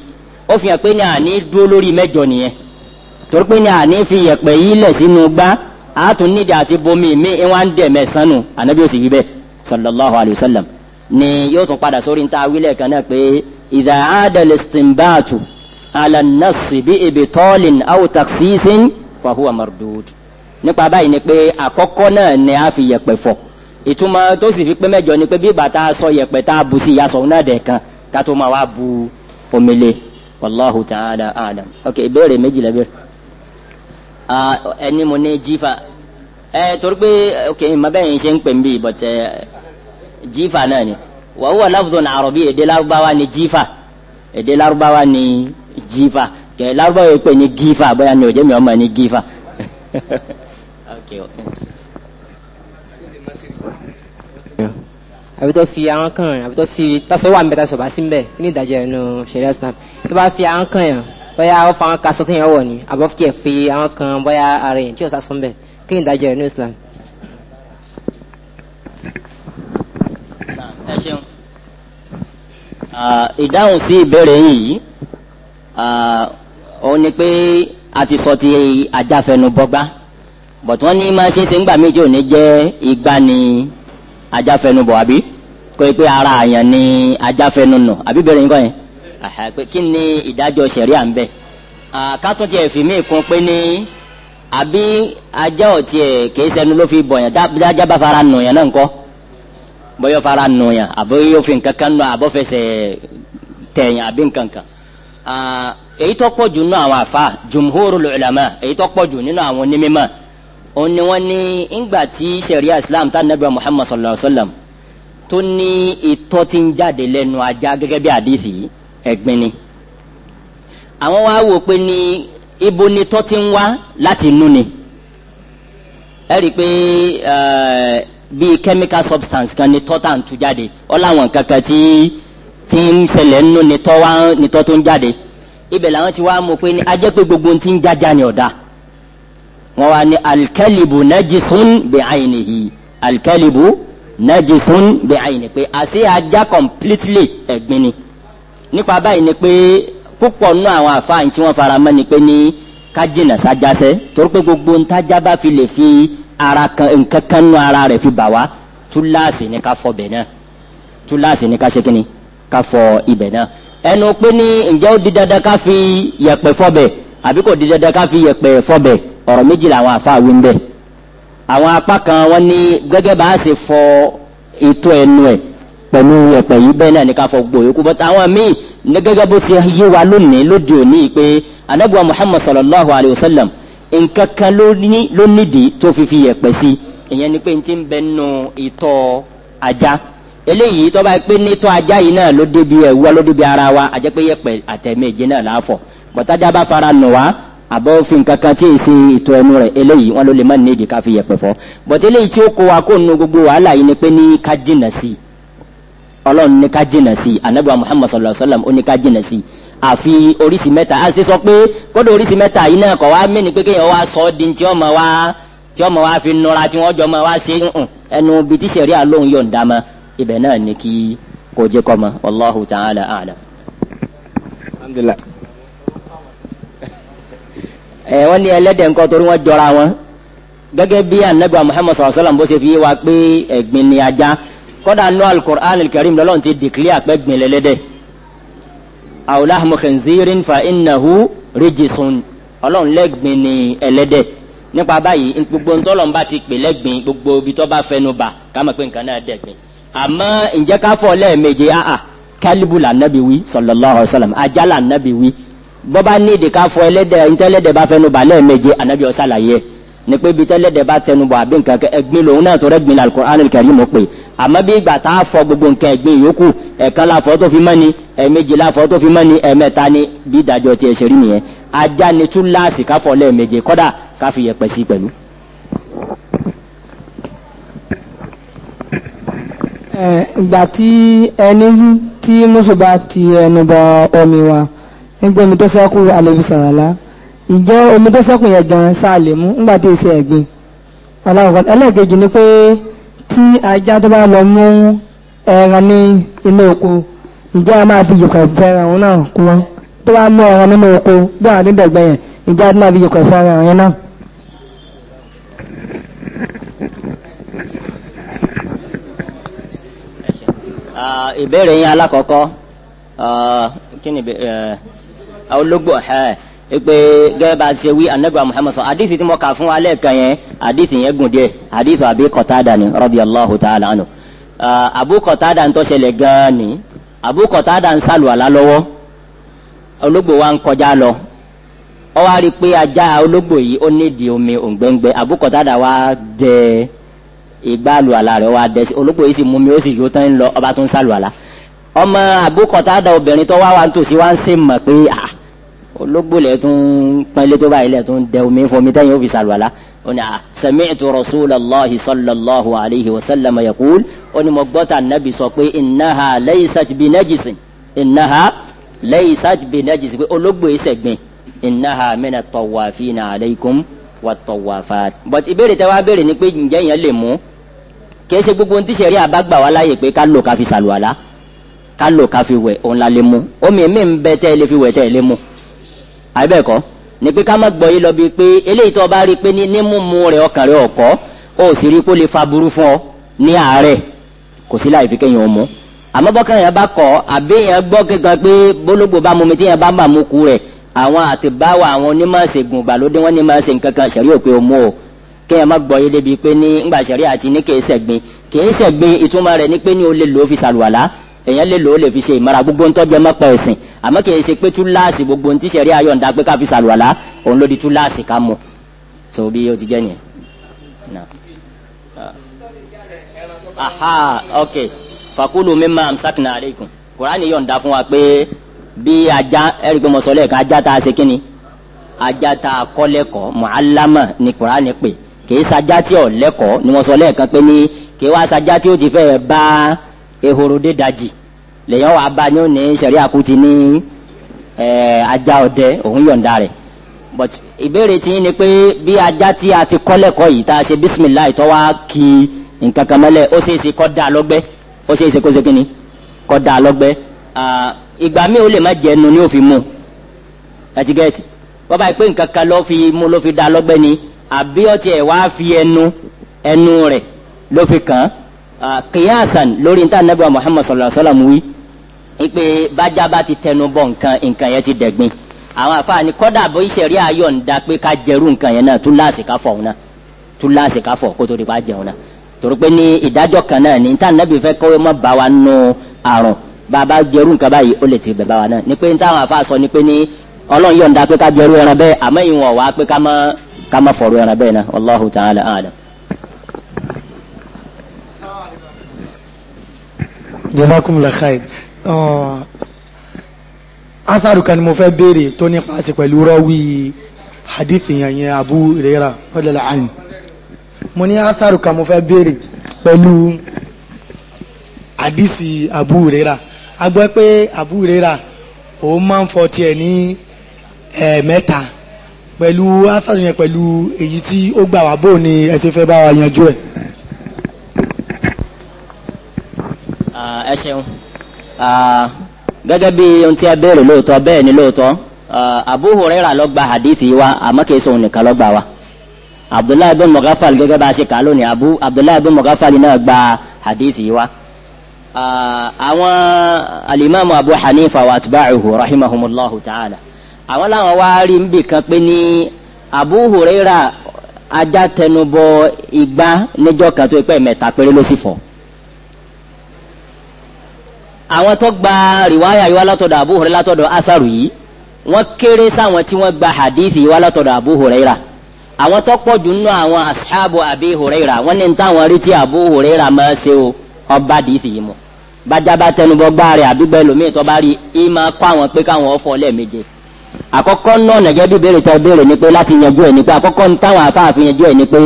ó fi pé ní àní dúró lórí mẹ́jọ nìyẹn torí pé ní àní fi yẹ̀pẹ̀ yìí lẹ̀ sínú gbá àtún nídìí àti bomi mi ń wá ń dẹ̀ mẹ́sánù ànábì ó sì wí bẹ́ẹ̀ sallallahu alayhi wa sallam ni yóò tún padà sórí ń ta wílẹ̀ kan náà pé idha aada al-istinbatu ala an-nassi bi ibtalin aw taksisin fa huwa mardud nípa báyìí ni pé àkọ́kọ́ náà ni a fi yẹ̀pẹ̀ fọ̀ ìtumọ̀ tó sì fi pé mẹ́jọ ni pé bí bàtà sọ yẹ̀pẹ̀ tá a bu sí ìyá náà dẹ̀ kan ká máa wá bu omele wallahu ta'ala a'lam ok ìbéèrè méjìlá Ah, ẹni mo ní jífa ẹ eh, torí pé ok mọ bẹ́ẹ̀ yẹn ṣe ń pè mí bíi bọ̀tẹ́ jífa eh, náà ni wa huwa lafzun arabi èdè lárúbáwá ni jífa èdè lárúbáwá ni jífa kẹ lárúbáwá yẹn pè ní gífa bóyá ni òjẹ́ mi ọmọ ní gífa. àbí tó fi àwọn kan àbí tó fi tásọ̀ wà ń bẹ tásọ̀ bá sí ń bẹ ní ìdájọ́ ẹ̀ nù sẹ̀ríà Islam tó bá fi àwọn kan yàn bóyá ó fa àwọn kaṣọ tó yẹn wọ̀ ni àbọ̀ fi fi àwọn kan bóyá ara yẹn tí ó sásùn bẹ̀ kí ni ìdájọ́ ní Islam. ẹ ṣeun ìdáhùn sí ìbéèrè yìí òun ni pé a ti sọ ti ajáfẹnubọgbá bọ̀t wọ́n ní máa ṣe é ṣe ńgbà méjì ò ní jẹ́ igba ni ajáfẹnubọ̀ àbí kò pé ara àyàn ni ajáfẹnunà àbí bẹ̀rẹ̀ yín kọ́ yẹn pé kí ni ìdájọ́ sẹ̀ríà ń bẹ̀ kátó tiẹ̀ fi mí kún pé ní àbí ajá ọ̀tí ẹ̀ kìí sẹ́nu ló fi bọ̀yàn dájá bá fara nùyàn náà ńkọ́ bọ́yọ̀ fara nùyàn àbí yóò fi nǹkan kan nù àbọ̀fẹsẹ̀ tẹ̀yìn àbí nǹkan kan èyí tó pọ̀ jù nínú àwọn àfa jumhurul ulama èyí tó pọ̀ jù nínú àwọn onímọ̀ òun ni wọ́n ní ńgbà tí sẹ̀ríà islam tá nàbẹ̀ muhammad sallallahu alayhi wa sallam tó ní ìtọ́ ti ń jáde lẹ́nu ajá gẹ́gẹ́ bí àdìsí yìí ẹ̀gbin ni àwọn wa wò pé ní ibo ni tọ́ ti ń wá láti inú ni ẹ rí i pé eh, bíi chemical substance kan ni tọ́ tà ń tu jáde ọ láwọn kankan tí tí ń ṣẹlẹ̀ nínú ni tọ́ wá ni tọ́ tó ń jáde ibẹ̀ làwọn ti wá mọ̀ pé ní ajẹ́ pé gbogbo ti ń jájá ni ọ̀dà wọn wá ní alikẹ́lìbù najisun bi àyìnìhì alikẹ́lìbù najisun bi àyìnìhì pé àṣẹ ajá completely ẹ̀gbin ni nípa báyìí ni pé púpọ̀ nínú àwọn àfáàyàn tí wọ́n fara mọ́ ni pé ní ká jìnà sájásẹ́ torí pé gbogbo ntájá bá fi lè fi ara kan nǹkan kan nínú ara rẹ̀ fi bà wá túláàsì ni ká fọ bẹ̀ náà túláàsì ni ká ṣe kínní ká fọ ibẹ̀ náà ẹnu pé ní ǹjẹ́ ó di dandan ká fi yẹ̀pẹ̀ fọ àbí kò di dandan ká fi yẹ̀pẹ̀ fọ ọ̀rọ̀ méjì làwọn àfáà ń bẹ̀ àwọn apá kan wọ́n ní gẹ́gẹ́ bá a ṣe fọ ètò ẹnu ẹ̀ pẹ̀lú ẹ̀pẹ̀ yìí bẹ́ẹ̀ náà ní ká fọ gbò yòókù bọ́tà àwọn míì ní gẹ́gẹ́ bó ṣe yé wa lónìí lóde òní pé anabiwa muhammad sallallahu alayhi wa sallam nǹkan kan ló nídìí tó fi fi ẹ̀pẹ̀ sí ìyẹn ni pé n ti ń bẹ nù ìtọ̀ ajá eléyìí tó bá pé nítọ́ ajá yìí náà ló débi ẹ̀wúwa ló débi ara wa àjẹ́ pé yẹ̀pẹ̀ àtẹ̀mẹ́jẹ náà láàfọ̀ bọ́tájá bá fara nù wá àbọ̀ òfin kankan tí èsì ìtọ́ ẹnu rẹ̀ eléyìí wọn ló lè má nídìí ká fi yẹ̀pẹ̀ fọ́ bọ́tẹ́lẹ́yìí tí ó kó wa kó nu gbogbo wàhálà yìí ni pé ní ká jìnà sí i ọlọ́run ní ká jìnà sí i anabi wa muhammad sallallahu alayhi wa sallam ó ní ká jìnà sí i àfi oríṣi mẹ́ta a ti sọ pé kódà oríṣi mẹ́ta yìí náà kọ̀ wa mẹ́ni pé kéèyàn wá sọ di tí ọmọ wa tí ọmọ wa fi nura tí wọ́n jọ ma wá ṣe ẹnu bíi tí sẹ̀ríà lóhùn yọ̀ǹda ma ibẹ̀ náà ni kí kò jẹ́ kọ́ ma wallahu ta'ala a'lam. alhamdulillah ẹ wọ́n ní ẹlẹ́dẹ̀ nǹkan torí wọ́n jọra wọn gẹ́gẹ́ bí anabi wa muhammad sallallahu alayhi wa sallam bó ṣe fi wá pé ẹ̀gbin ni ajá kọ́dà nù alukur'an alkarim lọ́lọ́run ti dìklẹ́ àpẹ́ gbìnlẹ́lẹ́dẹ́ awulahu khinzirin fa innahu rijisun ọlọ́run lẹ́gbìn ní ẹlẹ́dẹ̀ nípa báyìí gbogbo ntọ́lọ́n bá ti pè lẹ́gbìn gbogbo ibi tó bá fẹnu bà ká mọ̀ pé nǹkan náà dẹ̀gbìn àmọ́ ǹjẹ́ ká fọ́ lẹ́ẹ̀mejì áà kálíbù lànàbí wí sallallahu alaihi wasallam ajá lànàbí wí bọ́bá nídìí ká fọ́ ẹlẹ́dẹ̀ ntẹ́lẹ́dẹ̀ bá fẹnu bà lẹ́ẹ̀mejì ànàbí ọ̀sálàyé ni pé bíi tẹ́lẹ̀dẹ̀ bá tẹnu bọ̀ àbí nǹkan kẹ ẹgbin lòun náà tó rẹ́gbin Al-Qur'anul Karim mọ̀ pé àmọ́ bí ìgbà tá a fọ gbogbo nǹkan ẹgbin yòókù ẹ̀kan láfọ́ tó fi mọ́ ni ẹ̀ẹ̀mejì láfọ́ tó fi mọ́ ni ẹ̀ẹ̀mẹ́ta ni bí ìdájọ́ tiẹ̀ ṣe rí nìyẹn ajá ni tún láàsì káfọ́ lẹ́ẹ̀mejì kọ́dà káfi yẹpẹ̀ sí pẹ̀lú. ìgbà tí ẹni tí mùsùlùmí ti ẹnu omi wa ń gbẹ́mi tó sẹ́kù àlebisàràlá ìjọ omi tó sẹ́kùn yẹn gan sáà lè mú nígbà tí èsì ẹ̀gbin aláwọ̀kọ́ ẹlẹ́ẹ̀kejì ni pé tí ajá tó bá lọ mú ẹran ní inú oko ìjọ a máa fi yòkọ̀ fẹ́ràn òun náà kú wọn tó bá mú ẹran nínú oko bí wọn àdídẹ̀gbẹ́ yẹn ìjọ a máa fi yòkọ̀ fẹ́ràn òun náà. Ah, ìbéèrè yín alákọ̀ọ́kọ́ ah, kí ni eh, ológbò ẹ̀. Eh, pé gẹ́gẹ́ bá a ṣe wí anabi muhammad sọ àdìsí tí mo kà fún wa lẹ́ẹ̀kan yẹn àdìsí yẹn gùn díẹ̀ àdìsí àbí kọ̀tàdà ni radiyallahu ta'ala anhu àbú kọ̀tàdà ń tó ṣẹlẹ̀ gan-an ni àbú kọ̀tàdà ń sàlùwàlá lọ́wọ́ ológbò wa ń kọjá lọ ó wá rí i pé ajá ológbò yìí ó nídìí omi òǹgbẹ́ngbẹ́ àbú kọ̀tàdà wa dẹ ìgbà àlùwàlá rẹ̀ wa dẹ ológbò yìí sì mú mi ó sì yó tán lọ ó bá tún sàlùwàlá ọmọ àbú kọ̀tàdà obìnrin tó wá wa ń tòsí wa ń sè mọ̀ pé ah ológbò lẹ tún pẹ́lẹ́ tó báyìí lẹ tún dẹ omi fún omi tẹ́yìn ó fi sàlùwàlá ó ní a sami'tu rasulallahi sallallahu alayhi wa sallam yaqul ó ní mo gbọ́ ta nabi sọ pé innaha laysat bi najisin innaha laysat bi najisin pé ológbò yìí sẹ̀gbìn innaha mina tawafina alaykum wa tawafat. but ìbéèrè tẹ wá béèrè ni pé ǹjẹ́ yẹn lè mú kì í ṣe gbogbo ntí sẹ̀rí àbágbà wa láàyè pé ká lò ká fi sàlùwàlá ká lò ká fi wẹ̀ òun àbẹ̀kọ́ ni pé ká má gbọ́ yí lọ bíi pé eléyìí tó bá rí i pé ní mímú rẹ̀ ọkàn rẹ̀ ọ̀kọ́ ó sì rí i kó lè fa burú fún ọ ní àárẹ̀ kò sí láì fi kéèyàn ó mú àmọ́ bọ́kàn yẹn bá kọ́ àbẹ́yẹn gbọ́ kankan pé bólógbò bá mumi tí yẹn bá màmú ku rẹ̀ àwọn àtibáwa àwọn onímọ̀ọ́sẹ̀gùn ìgbàlódé wọn ní máa ṣe nǹkan kan ṣẹ̀rí òpin òmu o kéèyàn má gbọ́ yé débi pé ní ńgbà ṣẹ̀rí àti ní kèé sẹ̀gbin kèé sẹ̀gbin ìtumọ̀ rẹ̀ ní pé ní o lè lò ó fi ṣàlùwàlá èèyàn lè lò ó lè fi ṣe ìmọ̀ra gbogbo ń tọ́jú ẹmọ́ pẹ̀ ẹ̀sìn àmọ́ kì í ṣe pé túláàsì gbogbo ń tíṣẹ̀rí ayọ̀ǹda pé ká fi ṣàlùwàlá òun ló di túláàsì ká mu so bí o ti jẹ́ nìyẹn. aha ok fakulu mimma amsakna aleikum kùránì yọ̀ǹda fún wa pé bí ajá ẹ̀rí pé mo sọ lẹ́ẹ̀ka ajá ta a ṣe kíni ajá tá a kọ́ mu'allama ni kùránì pè kì í sajá tí ò lẹ́kọ̀ọ́ ni mo sọ lẹ́ẹ̀kan pé ní kì í wá sajá tí ó ti fẹ́ bá ehoro dé dajì lèyàn wà bá ní òní sẹ̀rí àkútì ní ẹ̀ ajá ọdẹ òun yọ̀ǹda rẹ̀ but ìbéèrè tí ni pé bí ajá tí a ti kọ́lẹ̀kọ́ yìí tá a ṣe bisimilayi tó wá kí nǹkan kan mọ́lẹ̀ ó ṣeéṣe kó dá lọ́gbẹ́ ó ṣeéṣe kó ṣe kínní kó dá lọ́gbẹ́ ìgbà míì ó lè má jẹ ẹnu ni ó fi mú ẹtí gẹ́ẹ̀tì wọ́n báyìí pé nǹkan kan ló fi mú ló fi dá lọ́gbẹ́ ni àbí ọtí ẹ̀ wá fi ẹnu ẹnu rẹ ló fi kàn án. kiyasan lórí níta anabi wa muhammad sallallahu alaihi wa sallam wí ipe bájá bá ti tẹnu bọ nǹkan nǹkan yẹn ti dẹ̀gbin àwọn àfààní kọ́dà bó ìṣẹ̀rí ayọ̀ǹda pé ká jẹrú nǹkan yẹn náà túláàsì ká fọ̀ náà túláàsì ká fọ̀ kó tó di pa jẹun náà torí pé ní ìdájọ́ kan náà ní níta anabi fẹ́ kọ́ mọ́ bá wa nù àrùn bàbá jẹrú nǹkan báyìí ó lè ti bẹ̀ bá wa náà ní pé níta àwọn àfàà sọ ní pé ní ọlọ́run yọ̀ǹda pé ká jẹrú ẹran bẹ́ẹ̀ àmọ́ ìwọ̀n wá pé ká má ká má fọ̀rọ̀ ẹran bẹ́ẹ̀ náà wallahu ta'ala a'lam jazakum la khair asaru kan mo fẹ́ béèrè tó nípa ṣe pẹ̀lú rọ́wì hadith yẹn yẹn abu rera ọ̀dọ̀lá ani, mo ní asaru kan mo fẹ́ béèrè pẹ̀lú hadith abu rera a pé abu rera òun máa ń fọ tiẹ̀ ní ẹ̀ẹ̀mẹ́ta pẹ̀lú asaru yẹn pẹ̀lú èyí tí ó gbà wá bò ní ẹsẹ̀ fẹ́ bá wa yanjú ẹ̀. Uh, ẹ ṣeun uh, gẹ́gẹ́ bí ohun tí ẹ béèrè lóòótọ́ bẹ́ẹ̀ ni lóòótọ́ uh, Abu Huraira ló gba hadithi wa àmọ́ kìí sọ òun nìkan ló gbà wa abdullahi bin mugafal gẹ́gẹ́ bá a ṣe kà lónìí abu abdullahi bin mugafal náà gba hadithi wa. àwọn alimami abu hanifa wa atba'uhu rahimahumullahu ta'ala àwọn làwọn wá rí nbí kan pé ní abu huraira ajá tẹnubọ igba níjọ́ kan tó pẹ́ mẹ́ta péré ló sì fọ́ àwọn tó gba rìwáyà yìí wá látọ̀dọ̀ Abu Hurairah látọ̀dọ̀ asaru yìí wọ́n kéré sáwọn tí wọ́n gba hadith yìí wá látọ̀dọ̀ Abu Hurairah àwọn tó pọ̀ jù nínú àwọn ashabu Abi Hurairah wọ́n ní táwọn rí tí Abu Hurairah máa ṣe o ọba hadith yìí mu bájábá tẹnubọ gbáre àdúgbò ẹlòmíì tó bá rí i máa kọ́ àwọn pé káwọn ọ̀fọ̀ lẹ́ẹ̀méje àkọ́kọ́ náà nàjẹ́ bí béèrè tẹ béèrè ni pé láti yanjú ẹ̀ ni pé àkọ́kọ́ táwọn afáàfin yanjú ẹ̀ ni pé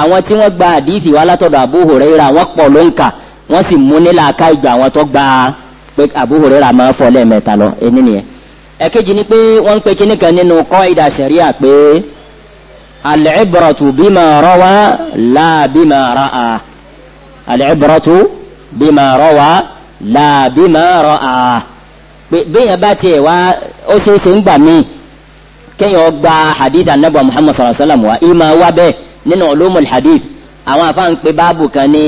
àwọn tí wọ́n gba hadith wá látọ̀dọ̀ Abu Hurairah wọ́n pọ̀ ló ń kà wọ́n sì mú nílà ká ìgbà àwọn tó gba pé Abu Hurairah máa fọ lẹ́ẹ̀mẹ́ta lọ ẹni nìyẹn. ẹ̀kejì ni pé wọ́n ń pe kíní kan nínú qaida sharia pé al-ibratu bima rawa la bima ra'a al-ibratu bima rawa la bima ra'a pé bẹ́ẹ̀ bá tiẹ̀ wá ó ṣeé ṣe ń gbà míì kéèyàn gba hadith anabu Muhammad sallallahu alaihi wa ima wa bẹ́ẹ̀ nínú ulumul hadith àwọn afáàn báàbù kan ní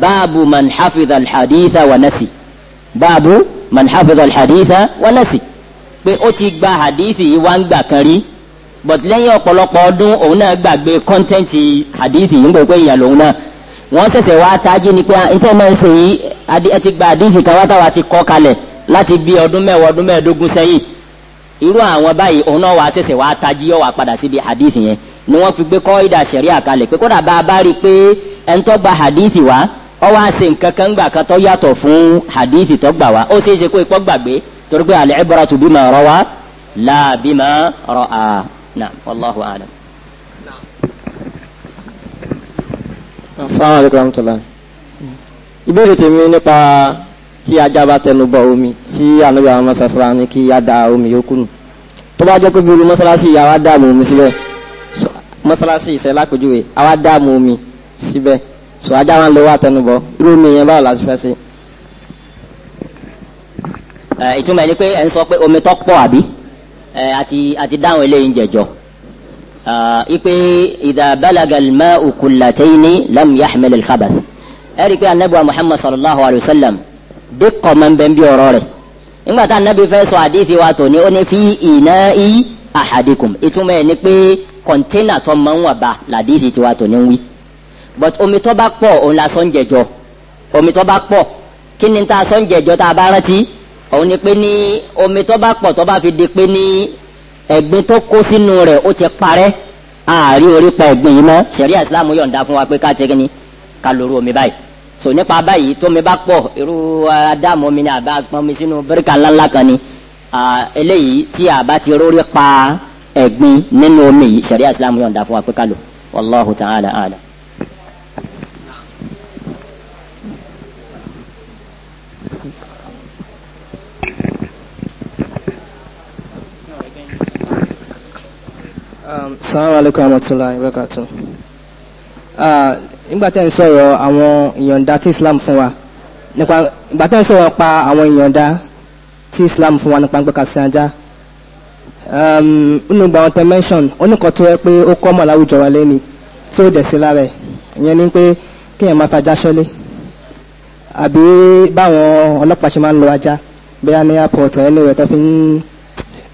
báàbù man hafidha alhaditha wa nasi báàbù man hafidha alhaditha wa nasi pé ó ti gba hadithi yìí wá ń gbà kan rí but lẹ́yìn ọ̀pọ̀lọpọ̀ ọdún òun náà gbàgbé kọ́ńtẹ́ǹtì hadithi yìí ń pè pé ìyàn lòun náà wọ́n ṣẹ̀ṣẹ̀ wá tají ni pé ah, ntẹ́ máa ń ṣe yìí ẹ ti gba hadithi kan wá ti kọ́ kalẹ̀ láti bí ọdún mẹ́wàá ọdún mẹ́ẹ̀ẹ́dógún sẹ́yìn irú àwọn báyìí òun náà wá ṣẹ̀ṣẹ̀ wá tají ó padà síbi hadithi yẹn ni wọ́n fi gbé kọ́ ìdá sẹ̀rí àkàlẹ̀ pé kódà bá a bá rí i pé ẹni tó gba hadithi wa ọ wá ṣe nǹkan kan gbà kan tó yàtọ̀ fún hadithi tó gbà wá ó ṣeé ṣe kó ipò gbàgbé torí pé al-ibratu bima rawa la bima ra'a na'am wallahu a'lam. asalaamualeykum wa rahmatulah ìbéèrè tèmi nípa tí ajá bá tẹnu bọ omi tí ànábì àwọn mọ́sálásí ní kí á da omi yókù tó bá jẹ́ pé bí olú mọ́sálásí yà dààmú omi síbẹ̀ mọ́sálásí ìṣẹ́ lápèjúwe àwa dáàmú omi síbẹ̀ sọ ajá wa ń lọ wá àtẹnubọ irú omi yẹn báwo la ṣe fẹ́ ṣe. ìtumọ̀ ẹ̀ ni pé ẹ̀ ń sọ pé omi tó pọ̀ àbí àti àti dáhùn eléyìí ń jẹ̀jọ́ ipe idha balaga al-ma'u kullatayni lam yahmil al-khabath ẹ̀rí pé anabiwa muhammad sallallahu alayhi wa sallam dikọ̀ máa ń bẹ́ẹ̀ bí ọ̀rọ̀ rẹ̀ nígbà tá anabi fẹ́ sọ àdìsí wa tòní ó ní fi ina'i ahadikum ìtumọ̀ ẹ̀ ni pé kọ̀ńténà tó máa ń wà bá làdíìsì tiwa tó ní wí but omi tó bá pọ̀ òun la sọ ń jẹjọ omi tó bá pọ̀ kí ni tá a sọ ń jẹjọ ta a bá rántí òun ni pé ní omi tó bá pọ̀ tó bá fi di pé ní ẹ̀gbin tó kó sínú rẹ̀ ó ti parẹ́ àárí orí pa ẹ̀gbin yìí mọ́ ṣẹ̀ríà ìsìlámù yọ̀ǹda fún wa pé ká ṣe ni ká lóru omi báyìí so nípa báyìí tómi bá pọ̀ irú adáàmú mi ni àbá pọnmi sínú bíríkà ńláńlá kan ni eléyìí tí àbá ti rórí pa ẹ̀gbin nínú omi yìí sẹ̀ríà islam yọ̀ǹda fún wa pé ká lò wallahu ta'ala a'lam. Um, salaam alaikum warahmatullahi wabarakatuh. Uh, nígbà tẹ́ ń sọ̀rọ̀ àwọn ìyọ̀ǹda tí Islam fún wa nípa ìgbà tẹ́ ń sọ̀rọ̀ pa àwọn ìyọ̀ǹda tí Islam fún wa nípa ń pẹ́ ka ajá Um, nínú gba àwọn tẹmẹ́ṣọ̀n oníkan tó yẹ pé ó kọ́ mọ̀ láwùjọ wa lẹ́ni tí ó dẹ̀sí lára ẹ̀ ìyẹn ni pé kéèyàn máa fa jásọ́lé àbí báwọn ọlọ́pàá ṣe máa ń lo ajá bóyá ní airport ẹ̀ ní ìwẹ̀ tó fi ń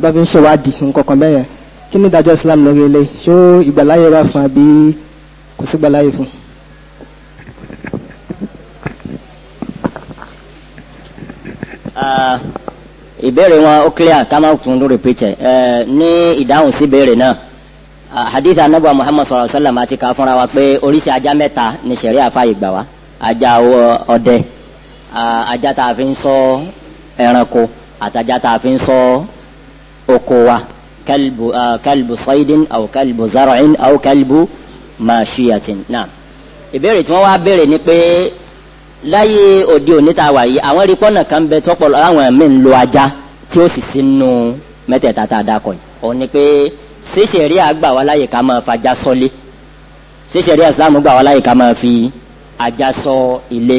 bá ṣèwádìí nǹkan kan bẹ́yẹn kí ni ìdájọ́ Islam lórí ilé ṣó ìgbàláyè wà fún àbí kò sí ìgbàláyè fún. Uh, ìbéèrè wọn ó clear ká má tún lórí pẹ̀tẹ̀ ẹ ní ìdáhùn sí ìbéèrè náà hadith anabu muhammad sallallahu alaihi wa sallam àti ká fúnra wa pé oríṣi ajá mẹ́ta ni sẹ̀rí àfààyè gbà wá ajá ọdẹ ajá tá a fi ń ṣọ́ ẹranko àtajá tá a fi ń ṣọ́ oko wa kalbu kalbu saidin aw kalbu zar'in aw kalbu mashiyatin naam ìbéèrè tí wọ́n wá béèrè ni pé láyé òde òní tá a wà yìí àwọn erékọ́ náà kan bẹ tọ́pọ̀ láwọn míì ń lo ajá tí ó sì sínú mẹ́tẹ̀ẹ̀ta tá a dákọ̀ yìí òun ni pé ṣíṣẹ̀rí àgbà wa láyè ká máa fajá sọ́lé ṣíṣẹ̀rí àsìlámù gbà wa láyè ká máa fi ajá sọ ilé.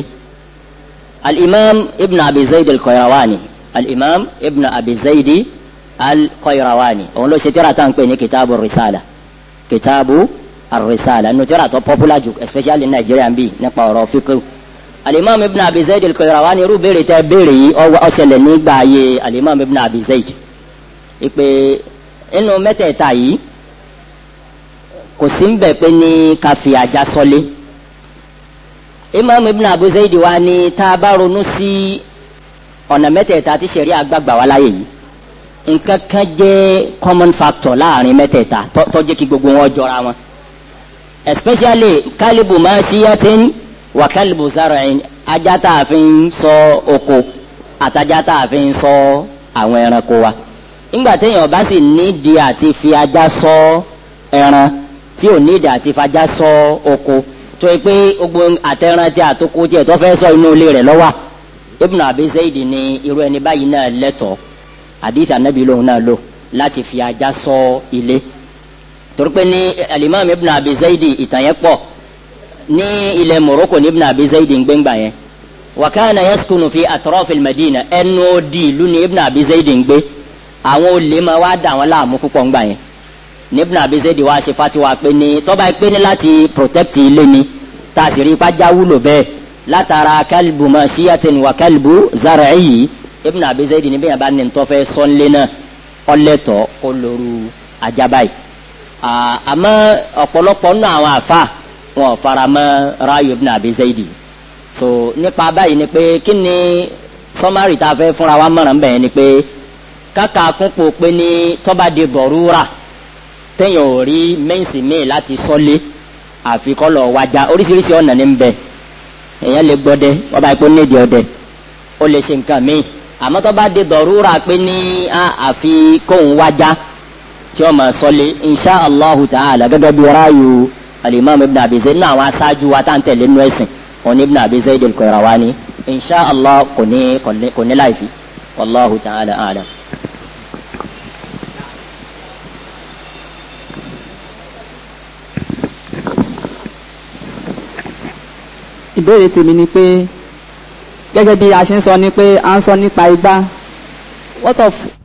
al-imam ibn abi Zaid al-qayrawani al-imam ibn abi zayd al-qayrawani òun ló ṣe tíra tá à ń pè ní kitabu risala kitabu ar-risala nù tíra tó popular jù especially in Nigeria bíi nípa ọ̀rọ̀ fíkìrì alimam ibn abi zayd al-Qayrawani irú béèrè tẹ béèrè yìí ó ṣẹlẹ̀ nígbà ayé alimam ibn abi zayd ìpè inú mẹ́tẹ̀ẹ̀ta yìí kò sí ń pé ní káfí ajá sọlé imam ibn abi zayd wa ni tá a bá ronú sí ọ̀nà mẹ́tẹ̀ẹ̀ta tí sẹ̀rí àgbàgbà wa láyé yìí nǹkan kan jẹ́ common factor láàrin mẹ́tẹ̀ẹ̀ta tó jẹ́ kí gbogbo wọn jọra wọn especially kálíbù máa ṣíyá tẹ́ni wàkẹ́lìbù sára ẹ̀ ajá tá sọ oko àtajá tá a fi ń sọ àwọn ẹranko wa nígbà téèyàn bá sì nídìí àti fi ajá sọ ẹran tí ò nídìí àti fajá sọ oko tó yẹ pé gbogbo àtẹran tí àtòkò tí ẹ tó fẹ́ sọ inú ilé rẹ̀ lọ́wọ́ Ibn Abi Zaidi ni irú ẹni báyìí náà lẹ́tọ̀ọ́ àdìsí ànábì lòun náà lò láti fi ajá sọ ilé torí pé ní alimami Ibn Abi ìtàn yẹn pọ̀ ní ilẹ̀ Morocco ní ibn Abi Zayd gbẹ́ngbà yẹn wakana yaskunu fi atrofil madina ẹnu odi ìlú ní ibn Abi Zayd gbé àwọn olè máa wá dà wọn láàmú púpọ̀ ńgbà yẹn ní ibn Abi wá ṣe fatiwa pé ní tọ́ba pé ní láti protect ilé ni tá a sì rí ipá já wúlò bẹ́ẹ̀ látara kalbu mashiyatin wa kalbu zar'i ibn Abi Zayd ní bẹ́ẹ̀ bá ní ntọ́fẹ́ sọ́nlé náà ọlẹ́tọ̀ kó lóru ajabai àmọ́ ọ̀pọ̀lọpọ̀ nínú àwọn àfa wọn faramọ́ rayu ibn abi zaidi so nípa báyìí ni pé kí ni sọmárì tá a fẹ́ fúnra wa mọ̀ràn bẹ́ẹ̀ ni pé káka kúnpọ̀ pé ní tọ́ba di bọ̀rúra téèyàn ò rí mẹ́ǹsì míì láti sọ́lé wájà oríṣiríṣi ọ̀nà èèyàn lè gbọ́dẹ ọba nídìí ọdẹ ó lè ṣe nǹkan míì àmọ́ tọ́ba bọ̀rúra pé ní wájà tí sọ́lé gẹ́gẹ́ bí alimami ibn abi zayd nínú àwọn aṣáájú wa tá à ń tẹ̀lé nínú ẹ̀sìn òní ibn abi zayd al-Qayrawani insha allah kò ní kò ní láìfi wallahu ta'ala a'lam. ìbéèrè tèmi ni pé gẹ́gẹ́ bí a ṣe ń sọ ni pé a ń sọ nípa igbá what of.